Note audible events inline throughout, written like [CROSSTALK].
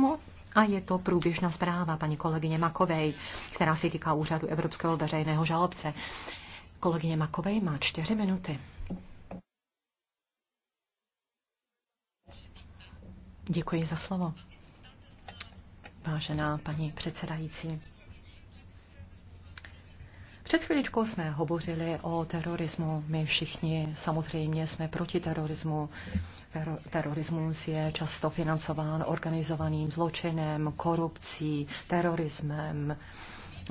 No, a je to průběžná zpráva paní kolegyně Makovej, která se týká úřadu Evropského veřejného žalobce. Kolegyně Makovej má čtyři minuty. Děkuji za slovo. Vážená paní předsedající, před chvíličkou jsme hovořili o terorismu. My všichni samozřejmě jsme proti terorismu. terorismus je často financován organizovaným zločinem, korupcí, terorismem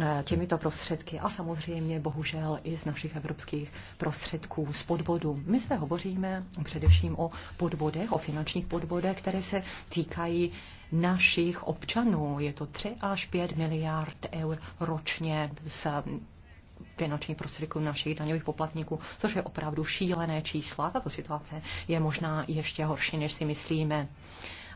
eh, těmito prostředky a samozřejmě bohužel i z našich evropských prostředků z podvodu. My se hovoříme především o podvodech, o finančních podvodech, které se týkají našich občanů. Je to 3 až 5 miliard eur ročně z finančních prostředků našich daňových poplatníků, což je opravdu šílené čísla. Tato situace je možná ještě horší, než si myslíme.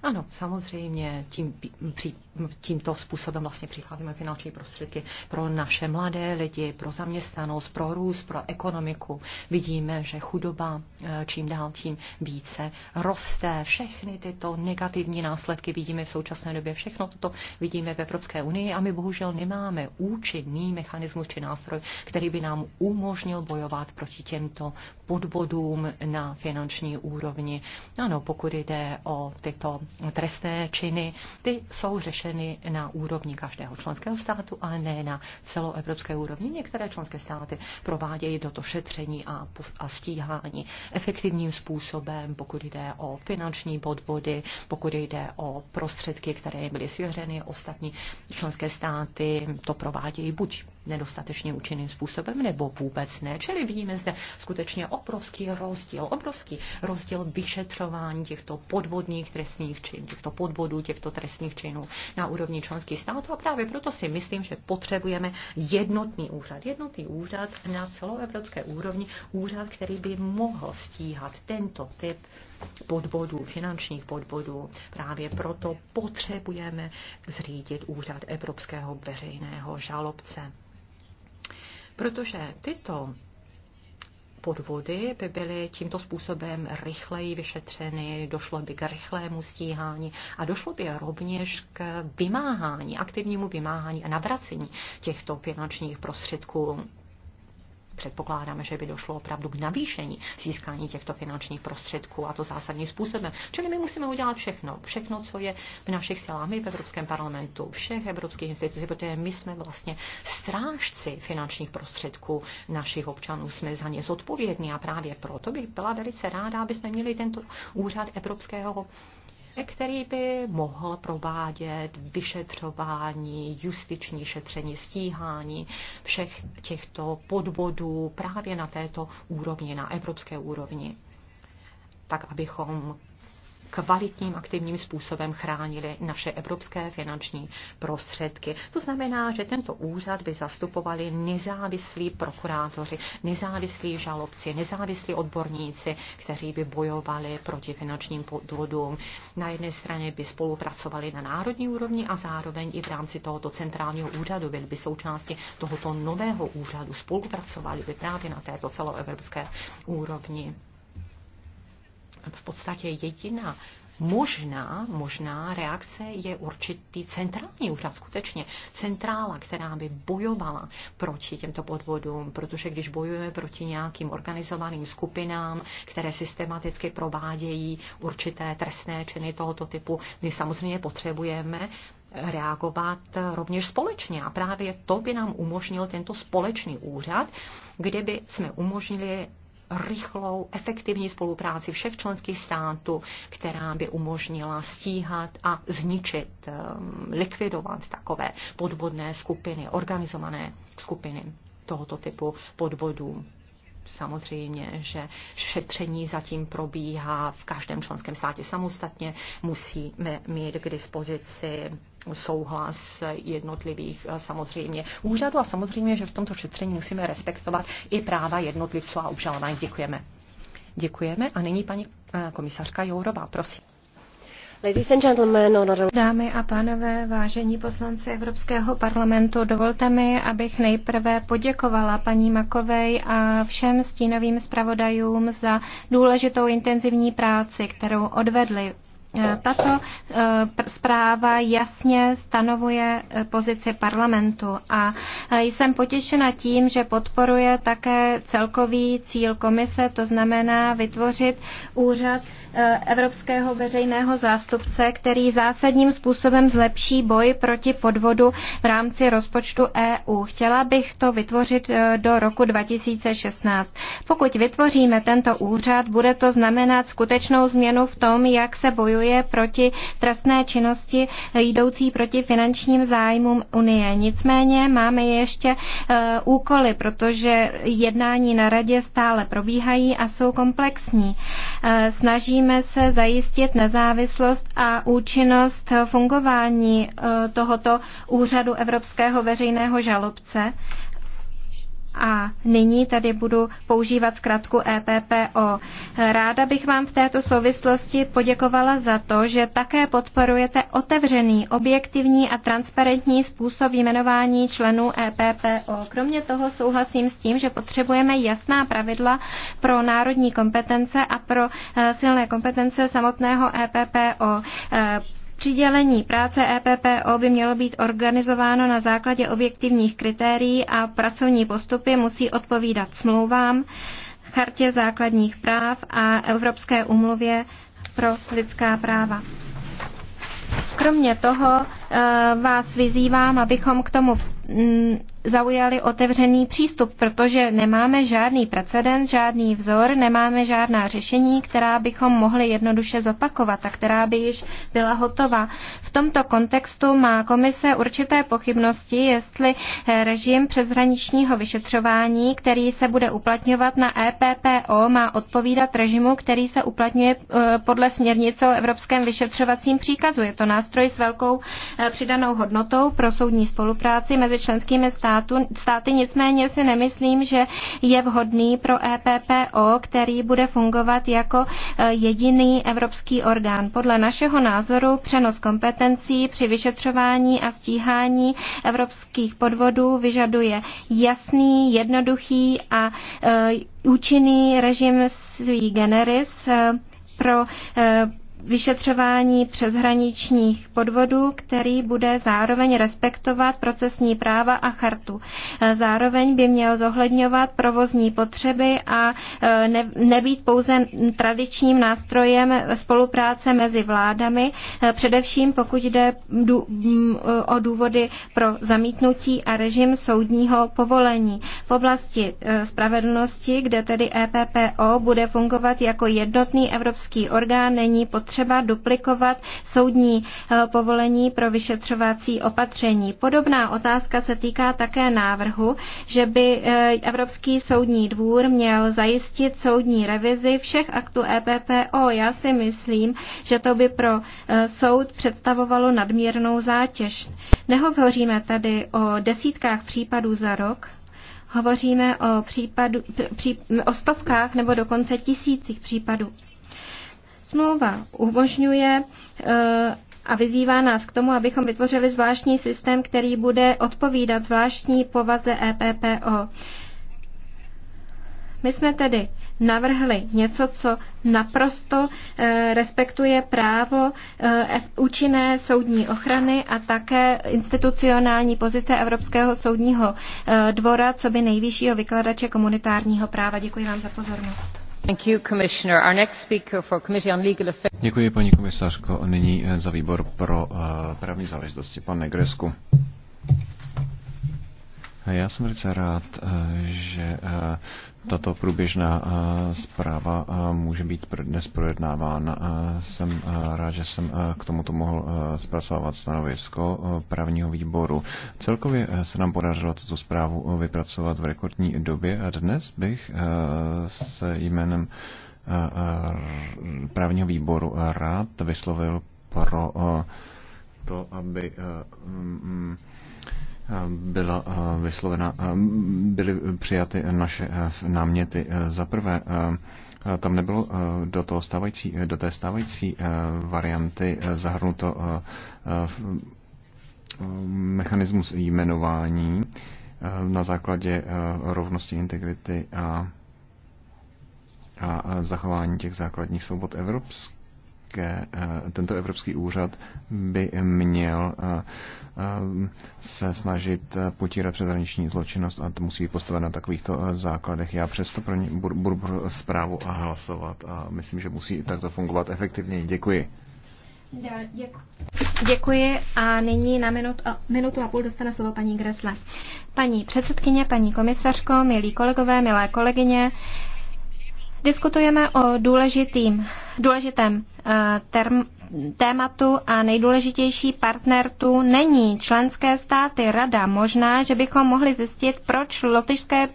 Ano, samozřejmě tím, při, tímto způsobem vlastně přicházíme finanční prostředky pro naše mladé lidi, pro zaměstnanost, pro růst, pro ekonomiku. Vidíme, že chudoba eh, čím dál tím více roste. Všechny tyto negativní následky vidíme v současné době. Všechno toto vidíme v Evropské unii a my bohužel nemáme účinný mechanismus či nástroj, který by nám umožnil bojovat proti těmto podvodům na finanční úrovni. Ano, pokud jde o tyto trestné činy, ty jsou řešeny na úrovni každého členského státu, ale ne na celoevropské úrovni. Některé členské státy provádějí do to šetření a, a stíhání efektivním způsobem, pokud jde o finanční podvody, pokud jde o prostředky, které jim byly svěřeny. Ostatní členské státy to provádějí buď nedostatečně účinným způsobem, nebo vůbec ne. Čili vidíme zde skutečně obrovský rozdíl, obrovský rozdíl vyšetřování těchto podvodních trestných činů, těchto podvodů, těchto trestných činů na úrovni členských států. A právě proto si myslím, že potřebujeme jednotný úřad. Jednotný úřad na celoevropské úrovni, úřad, který by mohl stíhat tento typ podvodů, finančních podvodů. Právě proto potřebujeme zřídit úřad Evropského veřejného žalobce. Protože tyto podvody by byly tímto způsobem rychleji vyšetřeny, došlo by k rychlému stíhání a došlo by rovněž k vymáhání, aktivnímu vymáhání a navracení těchto finančních prostředků předpokládáme, že by došlo opravdu k navýšení získání těchto finančních prostředků a to zásadním způsobem. Čili my musíme udělat všechno, všechno, co je v našich silách, my v Evropském parlamentu, všech evropských institucí, protože my jsme vlastně strážci finančních prostředků našich občanů, jsme za ně zodpovědní a právě proto bych byla velice ráda, aby jsme měli tento úřad Evropského který by mohl provádět vyšetřování, justiční šetření, stíhání všech těchto podvodů právě na této úrovni, na evropské úrovni tak abychom kvalitním aktivním způsobem chránili naše evropské finanční prostředky. To znamená, že tento úřad by zastupovali nezávislí prokurátoři, nezávislí žalobci, nezávislí odborníci, kteří by bojovali proti finančním podvodům. Na jedné straně by spolupracovali na národní úrovni a zároveň i v rámci tohoto centrálního úřadu byli by součástí tohoto nového úřadu, spolupracovali by právě na této celoevropské úrovni v podstatě jediná možná, možná reakce je určitý centrální úřad, skutečně centrála, která by bojovala proti těmto podvodům, protože když bojujeme proti nějakým organizovaným skupinám, které systematicky provádějí určité trestné činy tohoto typu, my samozřejmě potřebujeme reagovat rovněž společně. A právě to by nám umožnil tento společný úřad, kde by jsme umožnili rychlou, efektivní spolupráci všech členských států, která by umožnila stíhat a zničit, um, likvidovat takové podvodné skupiny, organizované skupiny tohoto typu podvodů. Samozřejmě, že šetření zatím probíhá v každém členském státě samostatně. Musíme mít k dispozici souhlas jednotlivých eh, samozřejmě úřadů a samozřejmě, že v tomto šetření musíme respektovat i práva jednotlivců a obžalování. Děkujeme. Děkujeme a nyní paní eh, komisařka Jourová, prosím. Ladies and gentlemen, Dámy a pánové, vážení poslanci Evropského parlamentu, dovolte mi, abych nejprve poděkovala paní Makovej a všem stínovým zpravodajům za důležitou intenzivní práci, kterou odvedli Eh, tato eh, zpráva jasně stanovuje eh, pozici parlamentu a jsem potěšena tím, že podporuje také celkový cíl komise, to znamená vytvořit úřad Evropského veřejného zástupce, který zásadním způsobem zlepší boj proti podvodu v rámci rozpočtu EU. Chtěla bych to vytvořit do roku 2016. Pokud vytvoříme tento úřad, bude to znamenat skutečnou změnu v tom, jak se bojuje bojuje proti trestné činnosti jdoucí proti finančním zájmům Unie. Nicméně máme ještě eh, úkoly, protože jednání na radě stále probíhají a jsou komplexní. Eh, snažíme se zajistit nezávislost a účinnost fungování eh, tohoto úřadu Evropského veřejného žalobce a nyní tady budu používat zkratku EPPO. Ráda bych vám v této souvislosti poděkovala za to, že také podporujete otevřený, objektivní a transparentní způsob jmenování členů EPPO. Kromě toho souhlasím s tím, že potřebujeme jasná pravidla pro národní kompetence a pro eh, silné kompetence samotného EPPO eh, Přidělení práce EPPO by mělo být organizováno na základě objektivních kritérií a pracovní postupy musí odpovídat smlouvám, chartě základních práv a Evropské umluvě pro lidská práva. Kromě toho eh, vás vyzývám, abychom k tomu Mm, zaujali otevřený přístup, protože nemáme žádný precedent, žádný vzor, nemáme žádná řešení, která bychom mohli jednoduše zopakovat a která by již byla hotová. V tomto kontextu má komise určité pochybnosti, jestli eh, režim přezhraničního vyšetřování, který se bude uplatňovat na EPPO, má odpovídat režimu, který se uplatňuje eh, podle směrnice o Evropském vyšetřovacím příkazu. Je to nástroj s velkou eh, přidanou hodnotou pro soudní spolupráci mezi mezi členskými státu, státy, nicméně si nemyslím, že je vhodný pro EPPO, který bude fungovat jako e, jediný evropský orgán. Podle našeho názoru přenos kompetencí při vyšetřování a stíhání evropských podvodů vyžaduje jasný, jednoduchý a e, účinný režim svý generis e, pro vyšetřování přeshraničních podvodů, který bude zároveň respektovat procesní práva a chartu. Eh, zároveň by měl zohledňovat provozní potřeby a eh, ne, nebýt pouze tradičním nástrojem spolupráce mezi vládami, eh, především pokud jde mm, o důvody pro zamítnutí a režim soudního povolení. V oblasti spravedlnosti, kde tedy EPPO bude fungovat jako jednotný evropský orgán, není potřeba třeba duplikovat soudní eh, povolení pro vyšetřovací opatření. Podobná otázka se týká také návrhu, že by eh, Evropský soudní dvůr měl zajistit soudní revizi všech aktů EPPO. Já si myslím, že to by pro eh, soud představovalo nadměrnou zátěž. Nehovoříme tady o desítkách případů za rok, hovoříme o, případu, pří, o stovkách nebo dokonce tisících případů. Smlouva umožňuje eh, a vyzývá nás k tomu, abychom vytvořili zvláštní systém, který bude odpovídat zvláštní povaze EPPO. My jsme tedy navrhli něco, co naprosto eh, respektuje právo eh, účinné soudní ochrany a také institucionální pozice Evropského soudního dvora, co by nejvyššího vykladače komunitárního práva. Děkuji vám za pozornost. Děkuji, paní komisařko. Nyní eh, za výbor pro eh, právní záležitosti, pan Negresku. Já jsem velice rád, eh, že tato průběžná eh, zpráva eh, může být dnes projednávána. Eh, jsem rád, že jsem k tomuto mohl zpracovávat stanovisko právního výboru. Celkově se nám podařilo tuto zprávu vypracovat v rekordní době a dnes bych se jménem právního výboru rád vyslovil pro to, aby mm, mm, byla eh, vyslovena, eh, byly přijaty naše eh, náměty. Za prvé, tam nebylo do, toho stávající, do té stávající varianty zahrnuto mechanismus jmenování na základě rovnosti integrity a, a zachování těch základních svobod evropských evropské, eh, tento evropský úřad by měl eh, eh, se snažit potírat přeshraniční zločinnost a to musí být postaveno na takovýchto základech. Já přesto pro ně budu, budu zprávu a hlasovat a myslím, že musí takto fungovat efektivně. Děkuji. Děkuji a nyní na minut a, minutu a půl dostane slovo paní Gresle. Paní předsedkyně, paní komisařko, milí kolegové, milé kolegyně, Diskutujeme o důležitým, důležitém eh, term, tématu a nejdůležitější partner tu není členské státy rada. Možná, že bychom mohli zjistit, proč lotyšské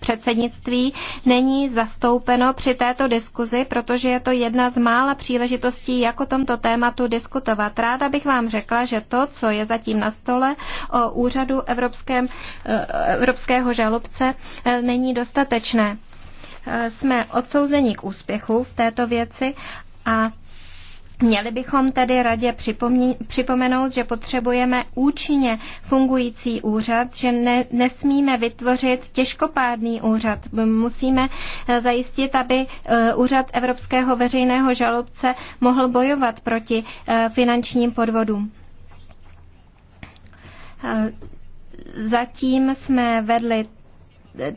předsednictví není zastoupeno při této diskuzi, protože je to jedna z mála příležitostí, jak o tomto tématu diskutovat. Ráda bych vám řekla, že to, co je zatím na stole o úřadu Evropském, eh, Evropského žalobce, eh, není dostatečné. Eh, jsme odsouzeni k úspěchu v této věci a Měli bychom tedy radě připomenout, že potřebujeme účinně fungující úřad, že ne, nesmíme vytvořit těžkopádný úřad. Musíme eh, zajistit, aby eh, úřad Evropského veřejného žalobce mohl bojovat proti finančním podvodům. Zatím jsme vedli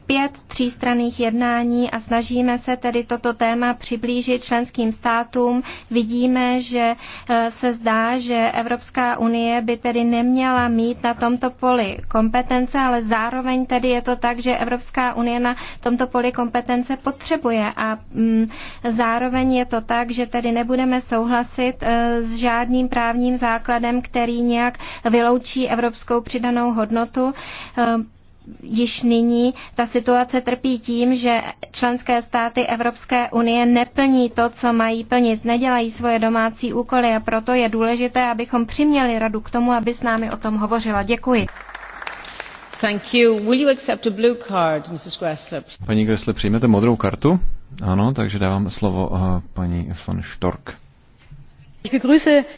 pět třístranných jednání a snažíme se tedy toto téma přiblížit členským státům. Vidíme, že e, se zdá, že Evropská unie by tedy neměla mít na tomto poli kompetence, ale zároveň tedy je to tak, že Evropská unie na tomto poli kompetence potřebuje a mm, zároveň je to tak, že tedy nebudeme souhlasit e, s žádným právním základem, který nějak vyloučí evropskou přidanou hodnotu. E, již nyní ta situace trpí tím, že členské státy Evropské unie neplní to, co mají plnit, nedělají svoje domácí úkoly a proto je důležité, abychom přiměli radu k tomu, aby s námi o tom hovořila. Děkuji. Thank you. Will you accept a blue card, Mrs. Gressler? Paní Gressler, přijmete modrou kartu? Ano, takže dávám slovo eh, paní von Stork.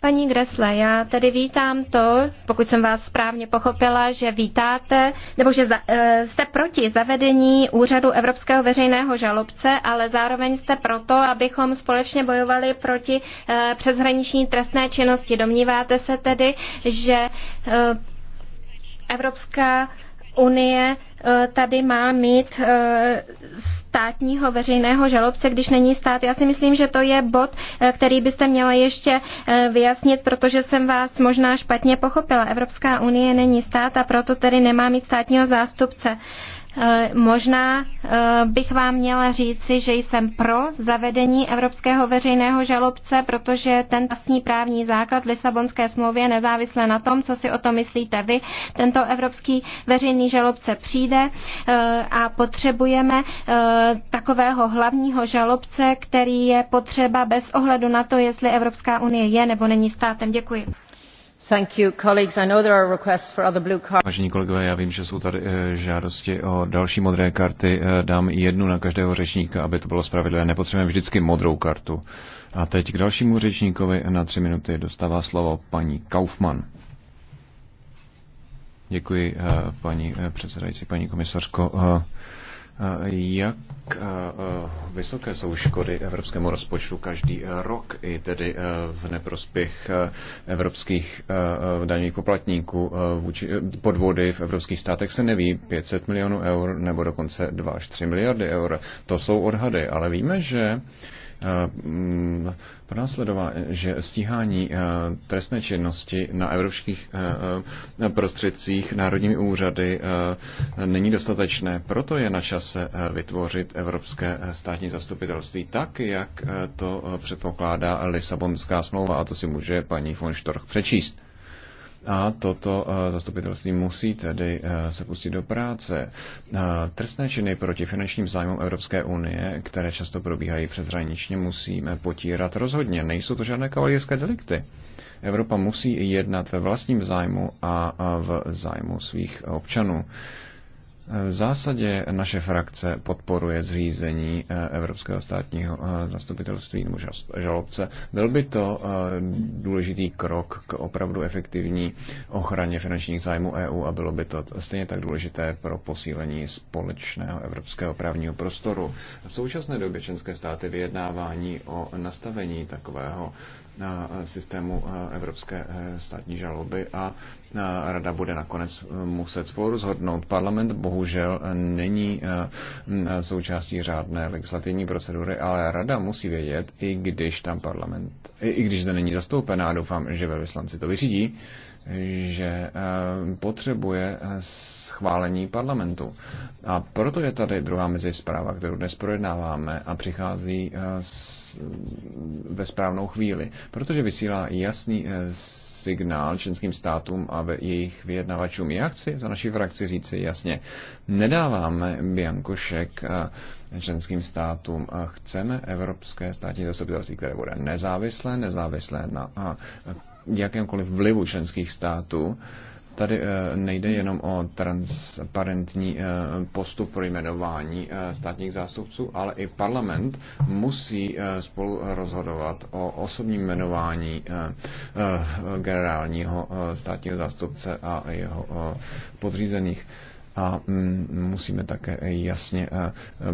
Paní Gresle, já tedy vítám to, pokud jsem vás správně pochopila, že vítáte, nebo že za, eh, jste proti zavedení úřadu Evropského veřejného žalobce, ale zároveň jste proto, abychom společně bojovali proti eh, přeshraniční trestné činnosti. Domníváte se tedy, že eh, Evropská Unie eh, tady má mít eh, státního veřejného žalobce, když není stát. Já si myslím, že to je bod, eh, který byste měla ještě vyjasnit, protože jsem vás možná špatně pochopila. Evropská unie není stát a proto tedy nemá mít státního zástupce. Uh, Eh, možná eh, bych vám měla říci, že jsem pro zavedení Evropského veřejného žalobce, protože ten vlastní právní základ v Lisabonské smlouvě nezávisle na tom, co si o to myslíte vy, tento Evropský veřejný žalobce přijde eh, a potřebujeme takového hlavního žalobce, který je potřeba bez ohledu na to, jestli Evropská unie je nebo není státem. Děkuji. Vážení kolegové, já vím, že jsou tady eh, žádosti o další modré karty. Eh, dám jednu na každého řečníka, aby to bylo spravedlivé. Nepotřebujeme vždycky modrou kartu. A teď k dalšímu řečníkovi na tři minuty dostává slovo paní Kaufmann. Děkuji, eh, paní předsedající, paní komisařko. Jak eh, eh, vysoké jsou škody evropskému rozpočtu každý eh, rok, i tedy v neprospěch evropských daňových poplatníků. Podvody v evropských státech se neví 500 milionů eur nebo dokonce 2 až 3 miliardy eur. To jsou odhady, ale víme, že Eh, mm, pronásledová, že stíhání eh, trestné činnosti na evropských eh, prostředcích národními úřady není dostatečné. Proto je na čase vytvořit Evropské státní zastupitelství tak, jak to předpokládá Lisabonská smlouva a to si může paní von Storch přečíst. A toto eh, zastupitelství musí tedy eh, se pustit do práce. Eh, trestné činy proti finančním zájmům Evropské unie, které často probíhají přeshraničně, musíme potírat rozhodně. Nejsou to žádné kavalírské delikty. Evropa musí jednat ve vlastním zájmu a v zájmu svých občanů. V zásadě naše frakce podporuje zřízení eh, Evropského státního eh, zastupitelství nebo žalobce. Byl by to eh, důležitý krok k opravdu efektivní ochraně finančních zájmů EU a bylo by to stejně tak důležité pro posílení společného evropského právního prostoru. V současné době členské státy vyjednávání o nastavení takového Eh, systému eh, Evropské eh, státní žaloby a rada bude nakonec muset spolu rozhodnout. Parlament bohužel není mm, součástí řádné legislativní procedury, ale rada musí vědět, i když tam parlament, i když zde není zastoupená, doufám, že velvyslanci to vyřídí, že eh, potřebuje eh, schválení parlamentu. A proto je tady druhá mezispráva, kterou dnes projednáváme a přichází eh, ve správnou chvíli, protože vysílá jasný signál členským státům a jejich vyjednavačům. Já chci za naši frakci říci jasně, nedáváme biankošek členským státům. Chceme evropské státní zastupitelství, které bude nezávislé, nezávislé na jakémkoliv vlivu členských států. Tady eh, nejde jenom o transparentní eh, postup pro jmenování eh, státních zástupců, ale i parlament musí spolu rozhodovat o osobním jmenování generálního státního zástupce a jeho podřízených a mm, musíme také jasně eh,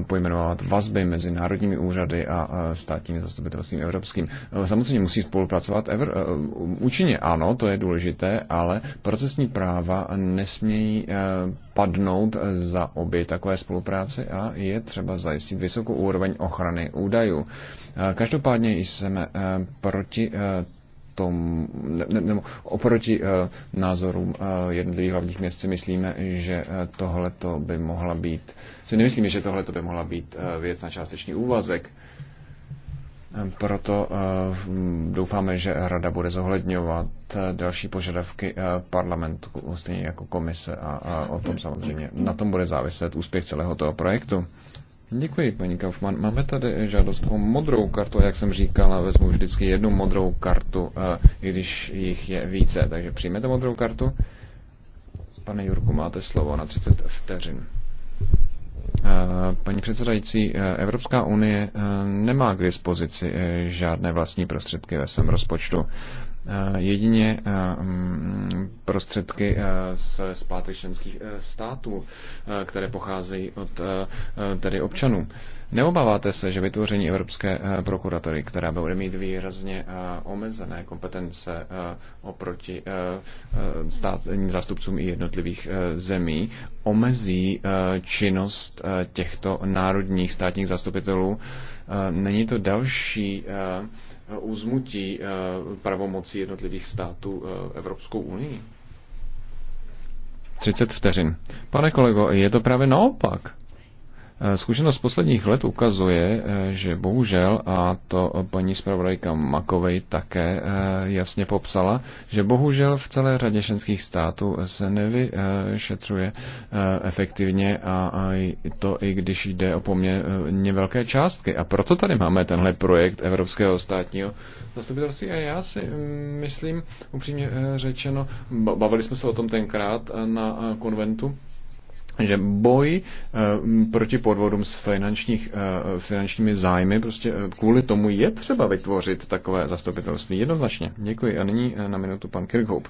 pojmenovat vazby mezi národními úřady a eh, státními zastupitelstvím evropským. Eh, samozřejmě musí spolupracovat evr- účinně, ano, to je důležité, ale procesní práva nesmějí padnout za obě takové spolupráce a je třeba zajistit vysokou úroveň ochrany údajů. Každopádně jsme proti tom, ne, ne, ne, oproti uh, názorům uh, jednotlivých hlavních měst si myslíme, že uh, eh, tohle to by mohla být, si nemyslíme, že tohle to by mohla být uh, věc na částečný úvazek. Proto uh, doufáme, že Rada bude zohledňovat další požadavky parlamentu, stejně jako komise a, a o tom samozřejmě. Na tom bude záviset úspěch celého toho projektu. Děkuji, paní Kaufmann. Máme tady žádost o modrou kartu. Jak jsem říkala, vezmu vždycky jednu modrou kartu, eh, i když jich je více. Takže přijmete modrou kartu. Pane Jurku, máte slovo na 30 vteřin. Eh, paní předsedající, eh, Evropská unie nemá k dispozici žádné vlastní prostředky ve svém rozpočtu. Eh, jedině eh, mm, prostředky eh, z zpátek členských států, které pocházejí od tedy občanů. Neobáváte se, že vytvoření Evropské prokuratury, která bude mít výrazně omezené kompetence oproti státním zástupcům i jednotlivých zemí, omezí činnost těchto národních státních zastupitelů? Není to další uzmutí eh, pravomocí jednotlivých států eh, Evropskou unii? 30 vteřin. Pane kolego, je to právě naopak. Eh, zkušenost posledních let ukazuje, eh, že bohužel, a to paní zpravodajka Makovej také eh, jasně popsala, že bohužel v celé řadě šenských států se nevyšetřuje efektivně a to i když jde o poměrně velké částky. A proto tady máme tenhle projekt Evropského státního zastupitelství a já si mm, myslím, upřímně řečeno, bavili jsme se o tom tenkrát na konventu, že boj eh, proti podvodům s finančních, eh, finančními zájmy, prostě eh, kvůli tomu je třeba vytvořit takové zastupitelství jednoznačně. Děkuji. A nyní na minutu pan Kirkhope.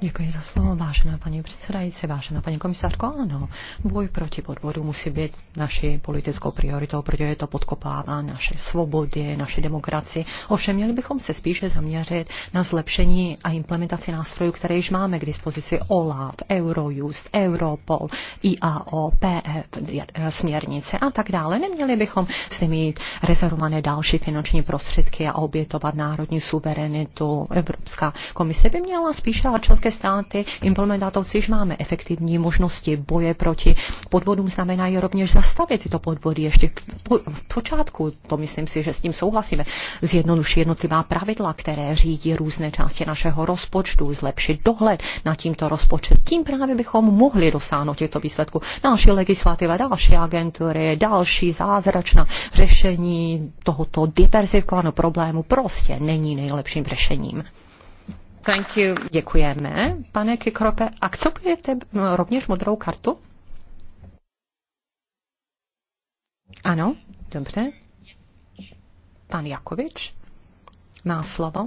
Děkuji za slovo, vážená paní předsedající, vážená paní komisárko. Ano, boj proti podvodu musí být naší politickou prioritou, protože to podkopává naše svobody, naše demokracii. Ovšem, měli bychom se spíše zaměřit na zlepšení a implementaci nástrojů, které již máme k dispozici OLAF, Eurojust, Europ, Europol, IAO, PF, e směrnice a tak dále. Neměli bychom s nimi mít rezervované další finanční prostředky a obětovat národní suverenitu. Evropská komise by měla spíše a členské státy implementovat, což máme efektivní možnosti boje proti podvodům, Znamená je rovněž zastavit tyto podvody ještě v počátku. To myslím si, že s tím souhlasíme. Zjednodušit jednotlivá pravidla, které řídí různé části našeho rozpočtu, zlepšit dohled na tímto rozpočet. Tím právě bychom mohli dosáhnout dosáhnout těchto výsledků. Další legislativa, další agentury, další zázračná řešení tohoto diversifikovaného problému prostě není nejlepším řešením. Thank you. Děkujeme, pane Kikrope. Akceptujete rovněž modrou kartu? Ano, dobře. Pan Jakovič má slovo.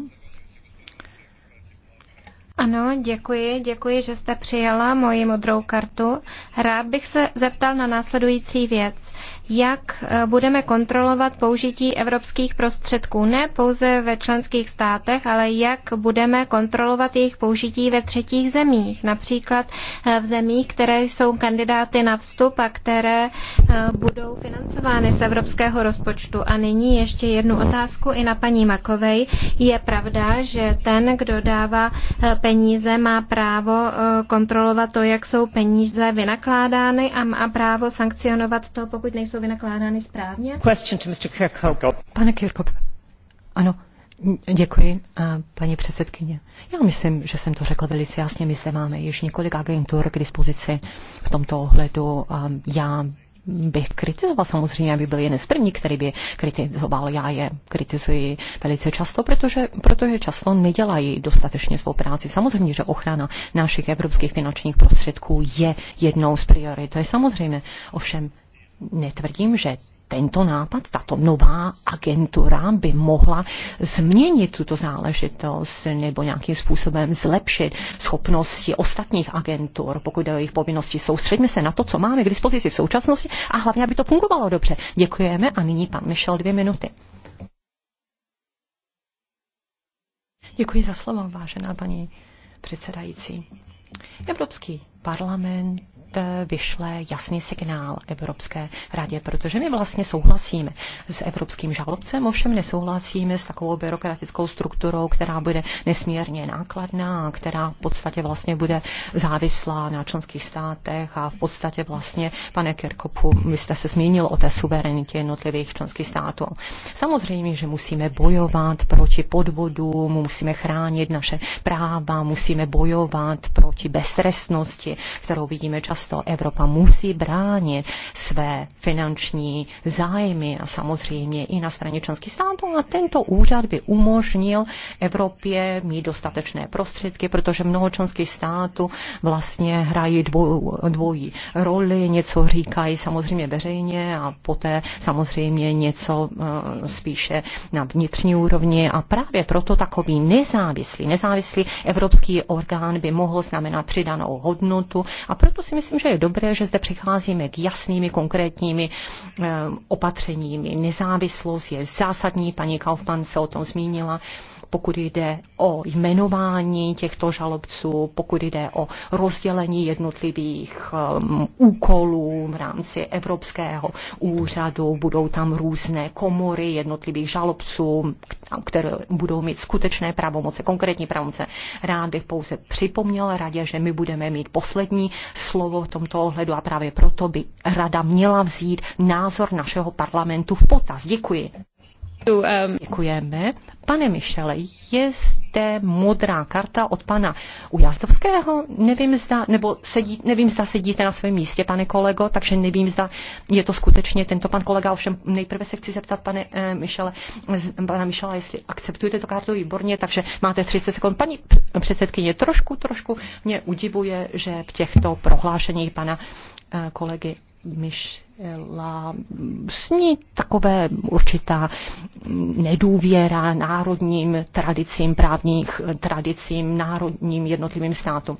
Ano, děkuji, děkuji, že jste přijala moji modrou kartu. Rád bych se zeptal na následující věc jak eh, budeme kontrolovat použití evropských prostředků ne pouze ve členských státech, ale jak budeme kontrolovat jejich použití ve třetích zemích, například eh, v zemích, které jsou kandidáty na vstup a které eh, budou financovány z evropského rozpočtu. A nyní ještě jednu otázku i na paní Makovej. Je pravda, že ten, kdo dává peníze, má právo kontrolovat to, jak jsou peníze vynakládány a má právo sankcionovat to, pokud nejsou jsou vynakládány správně? Question to Mr. Kirkhope. Pane Kirkhope, ano, Děkuji, paní předsedkyně. Já myslím, že jsem to řekla velice jasně. My se máme již několik agentur k dispozici v tomto ohledu. Já bych kritizoval samozřejmě, aby byl jeden z první, který by kritizoval. Já je kritizuji velice často, protože, protože často nedělají dostatečně svou práci. Samozřejmě, že ochrana našich evropských finančních prostředků je jednou z priorit. To je samozřejmě. Ovšem, netvrdím, že tento nápad, tato nová agentura by mohla změnit tuto záležitost nebo nějakým způsobem zlepšit schopnosti ostatních agentur, pokud o jejich povinnosti. Soustředíme se na to, co máme k dispozici v současnosti a hlavně, aby to fungovalo dobře. Děkujeme a nyní pan Michel dvě minuty. Děkuji za slovo, vážená paní předsedající. Evropský parlament eh, vyšle jasný signál Evropské radě, protože my vlastně souhlasíme s evropským žalobcem, ovšem nesouhlasíme s takovou byrokratickou strukturou, která bude nesmírně nákladná, která v podstatě vlastně bude závislá na členských státech a v podstatě vlastně, pane Kirkopu, vy jste se zmínil o té suverenitě jednotlivých členských států. Samozřejmě, že musíme bojovat proti podvodům, musíme chránit naše práva, musíme bojovat proti beztrestnosti, kterou vidíme často. Evropa musí bránit své finanční zájmy a samozřejmě i na straně členských států. A tento úřad by umožnil Evropě mít dostatečné prostředky, protože mnoho členských států vlastně hrají dvoj, dvojí roli, něco říkají samozřejmě veřejně a poté samozřejmě něco eh, spíše na vnitřní úrovni a právě proto takový nezávislý, nezávislý evropský orgán by mohl znamenat přidanou hodnotu hodnotu. A proto si myslím, že je dobré, že zde přicházíme k jasnými, konkrétními eh, opatřeními. Nezávislost je zásadní, paní Kaufmann se o tom zmínila pokud jde o jmenování těchto žalobců, pokud jde o rozdělení jednotlivých um, úkolů v rámci Evropského úřadu, budou tam různé komory jednotlivých žalobců, které budou mít skutečné pravomoce, konkrétní pravomoce. Rád bych pouze připomněl radě, že my budeme mít poslední slovo v tomto ohledu a právě proto by rada měla vzít názor našeho parlamentu v potaz. Děkuji. Děkujeme. Pane Michele, je zde modrá karta od pana Ujazdovského? Nevím, zda, nebo sedí, nevím, zda sedíte na svém místě, pane kolego, takže nevím, zda je to skutečně tento pan kolega. Ovšem nejprve se chci zeptat, pane eh, Michele, pana Michele, jestli akceptujete to kartu výborně, takže máte 30 sekund. Paní předsedkyně, trošku, trošku mě udivuje, že v těchto prohlášeních pana eh, kolegy myšla, sní takové určitá nedůvěra národním tradicím, právních tradicím, národním jednotlivým státům.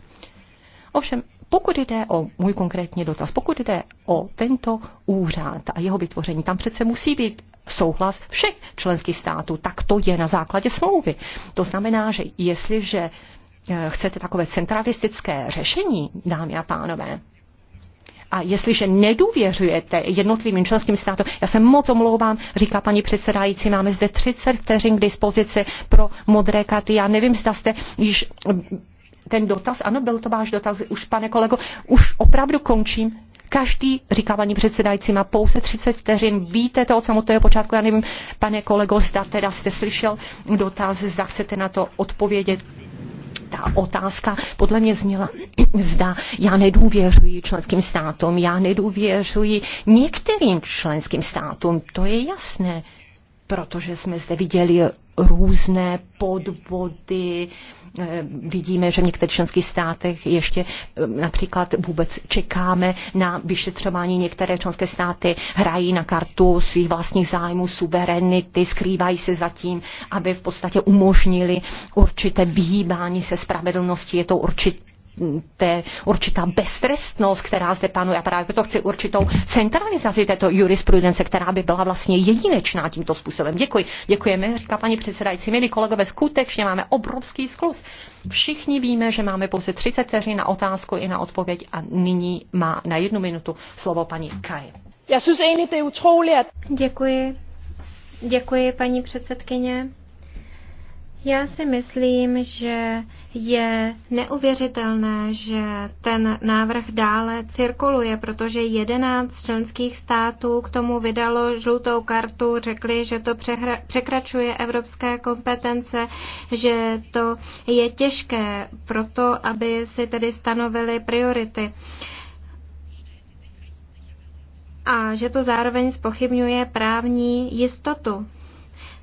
Ovšem, pokud jde o můj konkrétní dotaz, pokud jde o tento úřad a jeho vytvoření, tam přece musí být souhlas všech členských států. Tak to je na základě smlouvy. To znamená, že jestliže eh, chcete takové centralistické řešení, dámy a pánové, a jestliže nedůvěřujete jednotlivým členským státům, já se moc omlouvám, říká paní předsedající, máme zde 30 vteřin k dispozici pro modré karty. Já nevím, zda jste již ten dotaz, ano, byl to váš dotaz, už pane kolego, už opravdu končím. Každý, říká paní předsedající, má pouze 30 vteřin. Víte to od samotného počátku. Já nevím, pane kolego, zda teda jste slyšel dotaz, zda chcete na to odpovědět ta otázka podle mě zněla, [CLEARS THROAT] zda já nedůvěřuji členským státům, já nedůvěřuji některým členským státům, to je jasné, protože jsme zde viděli různé podvody, Eh, vidíme, že v některých členských státech ještě eh, například vůbec čekáme na vyšetřování. Některé členské státy hrají na kartu svých vlastních zájmů, suverenity, skrývají se zatím, aby v podstatě umožnili určité vyhýbání se spravedlnosti. Je to určitě té určitá beztrestnost, která zde panuje. A právě proto chci určitou centralizaci této jurisprudence, která by byla vlastně jedinečná tímto způsobem. Děkuji. Děkujeme, říká paní předsedající. Milí kolegové, skutečně máme obrovský sklus. Všichni víme, že máme pouze 30 vteřin na otázku i na odpověď a nyní má na jednu minutu slovo paní Kaj. Já jsem er Děkuji. Děkuji, paní předsedkyně. Já si myslím, že je neuvěřitelné, že ten návrh dále cirkuluje, protože 11 členských států k tomu vydalo žlutou kartu, řekli, že to překračuje evropské kompetence, že to je těžké pro to, aby si tedy stanovili priority a že to zároveň spochybňuje právní jistotu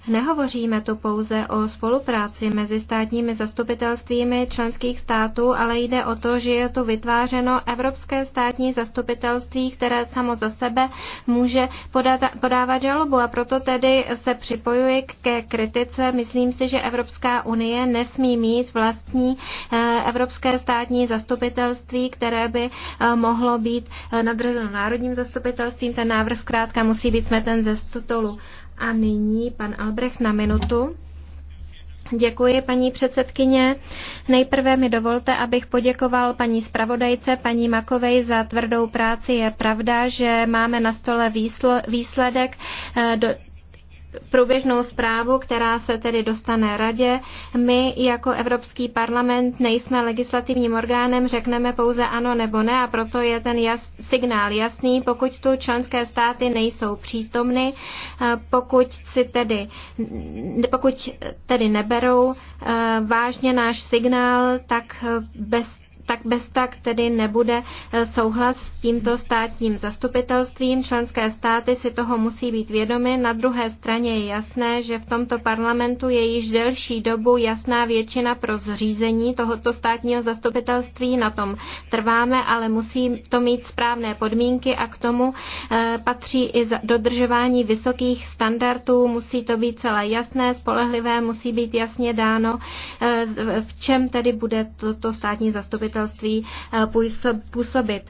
Nehovoříme tu pouze o spolupráci mezi státními zastupitelstvími členských států, ale jde o to, že je tu vytvářeno Evropské státní zastupitelství, které samo za sebe může podávat žalobu. A proto tedy se připojuji ke kritice. Myslím si, že Evropská unie nesmí mít vlastní eh, Evropské státní zastupitelství, které by eh, mohlo být eh, nadřazeno národním zastupitelstvím. Ten návrh zkrátka musí být smeten ze stolu. A nyní pan Albrecht na minutu. Děkuji, paní předsedkyně. Nejprve mi dovolte, abych poděkoval paní zpravodajce, paní Makovej, za tvrdou práci. Je pravda, že máme na stole výsledek, eh, průběžnou zprávu, která se tedy dostane radě. My jako Evropský parlament nejsme legislativním orgánem, řekneme pouze ano nebo ne a proto je ten jas, signál jasný, pokud tu členské státy nejsou přítomny, eh, pokud, si tedy, pokud tedy neberou eh, vážně náš signál, tak eh, bez tak bez tak tedy nebude eh, souhlas s tímto státním zastupitelstvím. Členské státy si toho musí být vědomy. Na druhé straně je jasné, že v tomto parlamentu je již delší dobu jasná většina pro zřízení tohoto státního zastupitelství. Na tom trváme, ale musí to mít správné podmínky a k tomu eh, patří i dodržování vysokých standardů. Musí to být celé jasné, spolehlivé, musí být jasně dáno, eh, v čem tedy bude toto státní zastupitelství manželství eh, působit.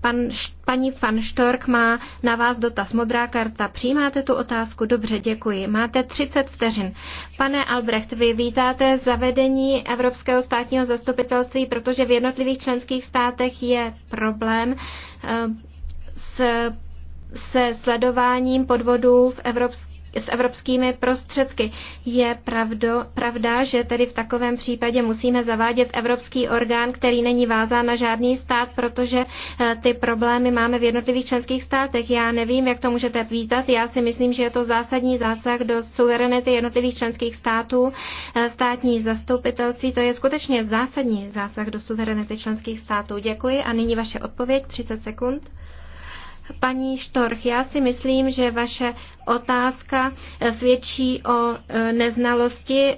Pan, paní Van Štork má na vás dotaz. Modrá karta. Přijímáte tu otázku? Dobře, děkuji. Máte 30 vteřin. Pane Albrecht, vy vítáte zavedení Evropského státního zastupitelství, protože v jednotlivých členských státech je problém eh, s, se sledováním podvodů v Evropské s evropskými prostředky. Je pravdo, pravda, že tedy v takovém případě musíme zavádět evropský orgán, který není vázán na žádný stát, protože eh, ty problémy máme v jednotlivých členských státech. Já nevím, jak to můžete vítat. Já si myslím, že je to zásadní zásah do suverenity jednotlivých členských států. Eh, státní zastupitelství, to je skutečně zásadní zásah do suverenity členských států. Děkuji a nyní vaše odpověď, 30 sekund. Paní Štorch, já si myslím, že vaše otázka svědčí o e, neznalosti e,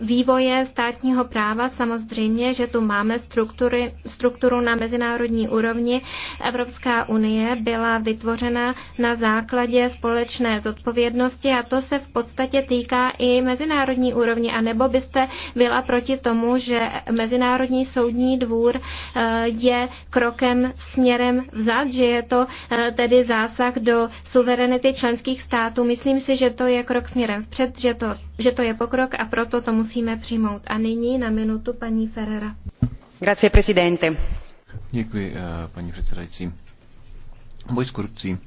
vývoje státního práva samozřejmě, že tu máme struktury, strukturu na mezinárodní úrovni. Evropská unie byla vytvořena na základě společné zodpovědnosti a to se v podstatě týká i mezinárodní úrovni. A nebo byste byla proti tomu, že Mezinárodní soudní dvůr eh, je krokem směrem vzad, že je to eh, tedy zásah do suverenity členských států. Myslím si, že to je krok směrem vpřed, že to, že to je pokrok a proto toto musíme přijmout. A nyní na minutu paní Ferrera. Grazie, presidente. Děkuji, eh, paní předsedající. Boj s korupcí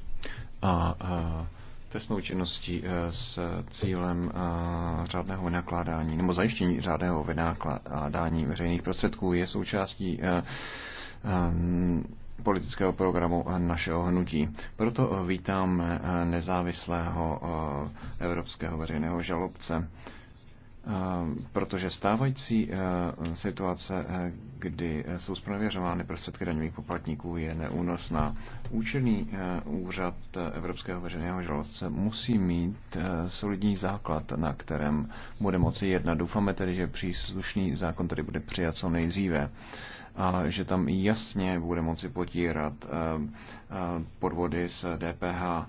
a, a eh, trestnou činností eh, s cílem řádného vynakládání nebo zajištění řádného vynakládání veřejných prostředků je součástí politického programu našeho hnutí. Proto vítám nezávislého evropského veřejného žalobce Eh, protože stávající eh, situace, eh, kdy jsou zpravěřovány prostředky daňových poplatníků, je neúnosná. Účelný úřad Evropského veřejného žalostce musí mít solidní základ, na kterém bude moci jednat. Doufáme tedy, že příslušný zákon tedy bude přijat co nejdříve a že tam jasně bude moci potírat podvody s DPH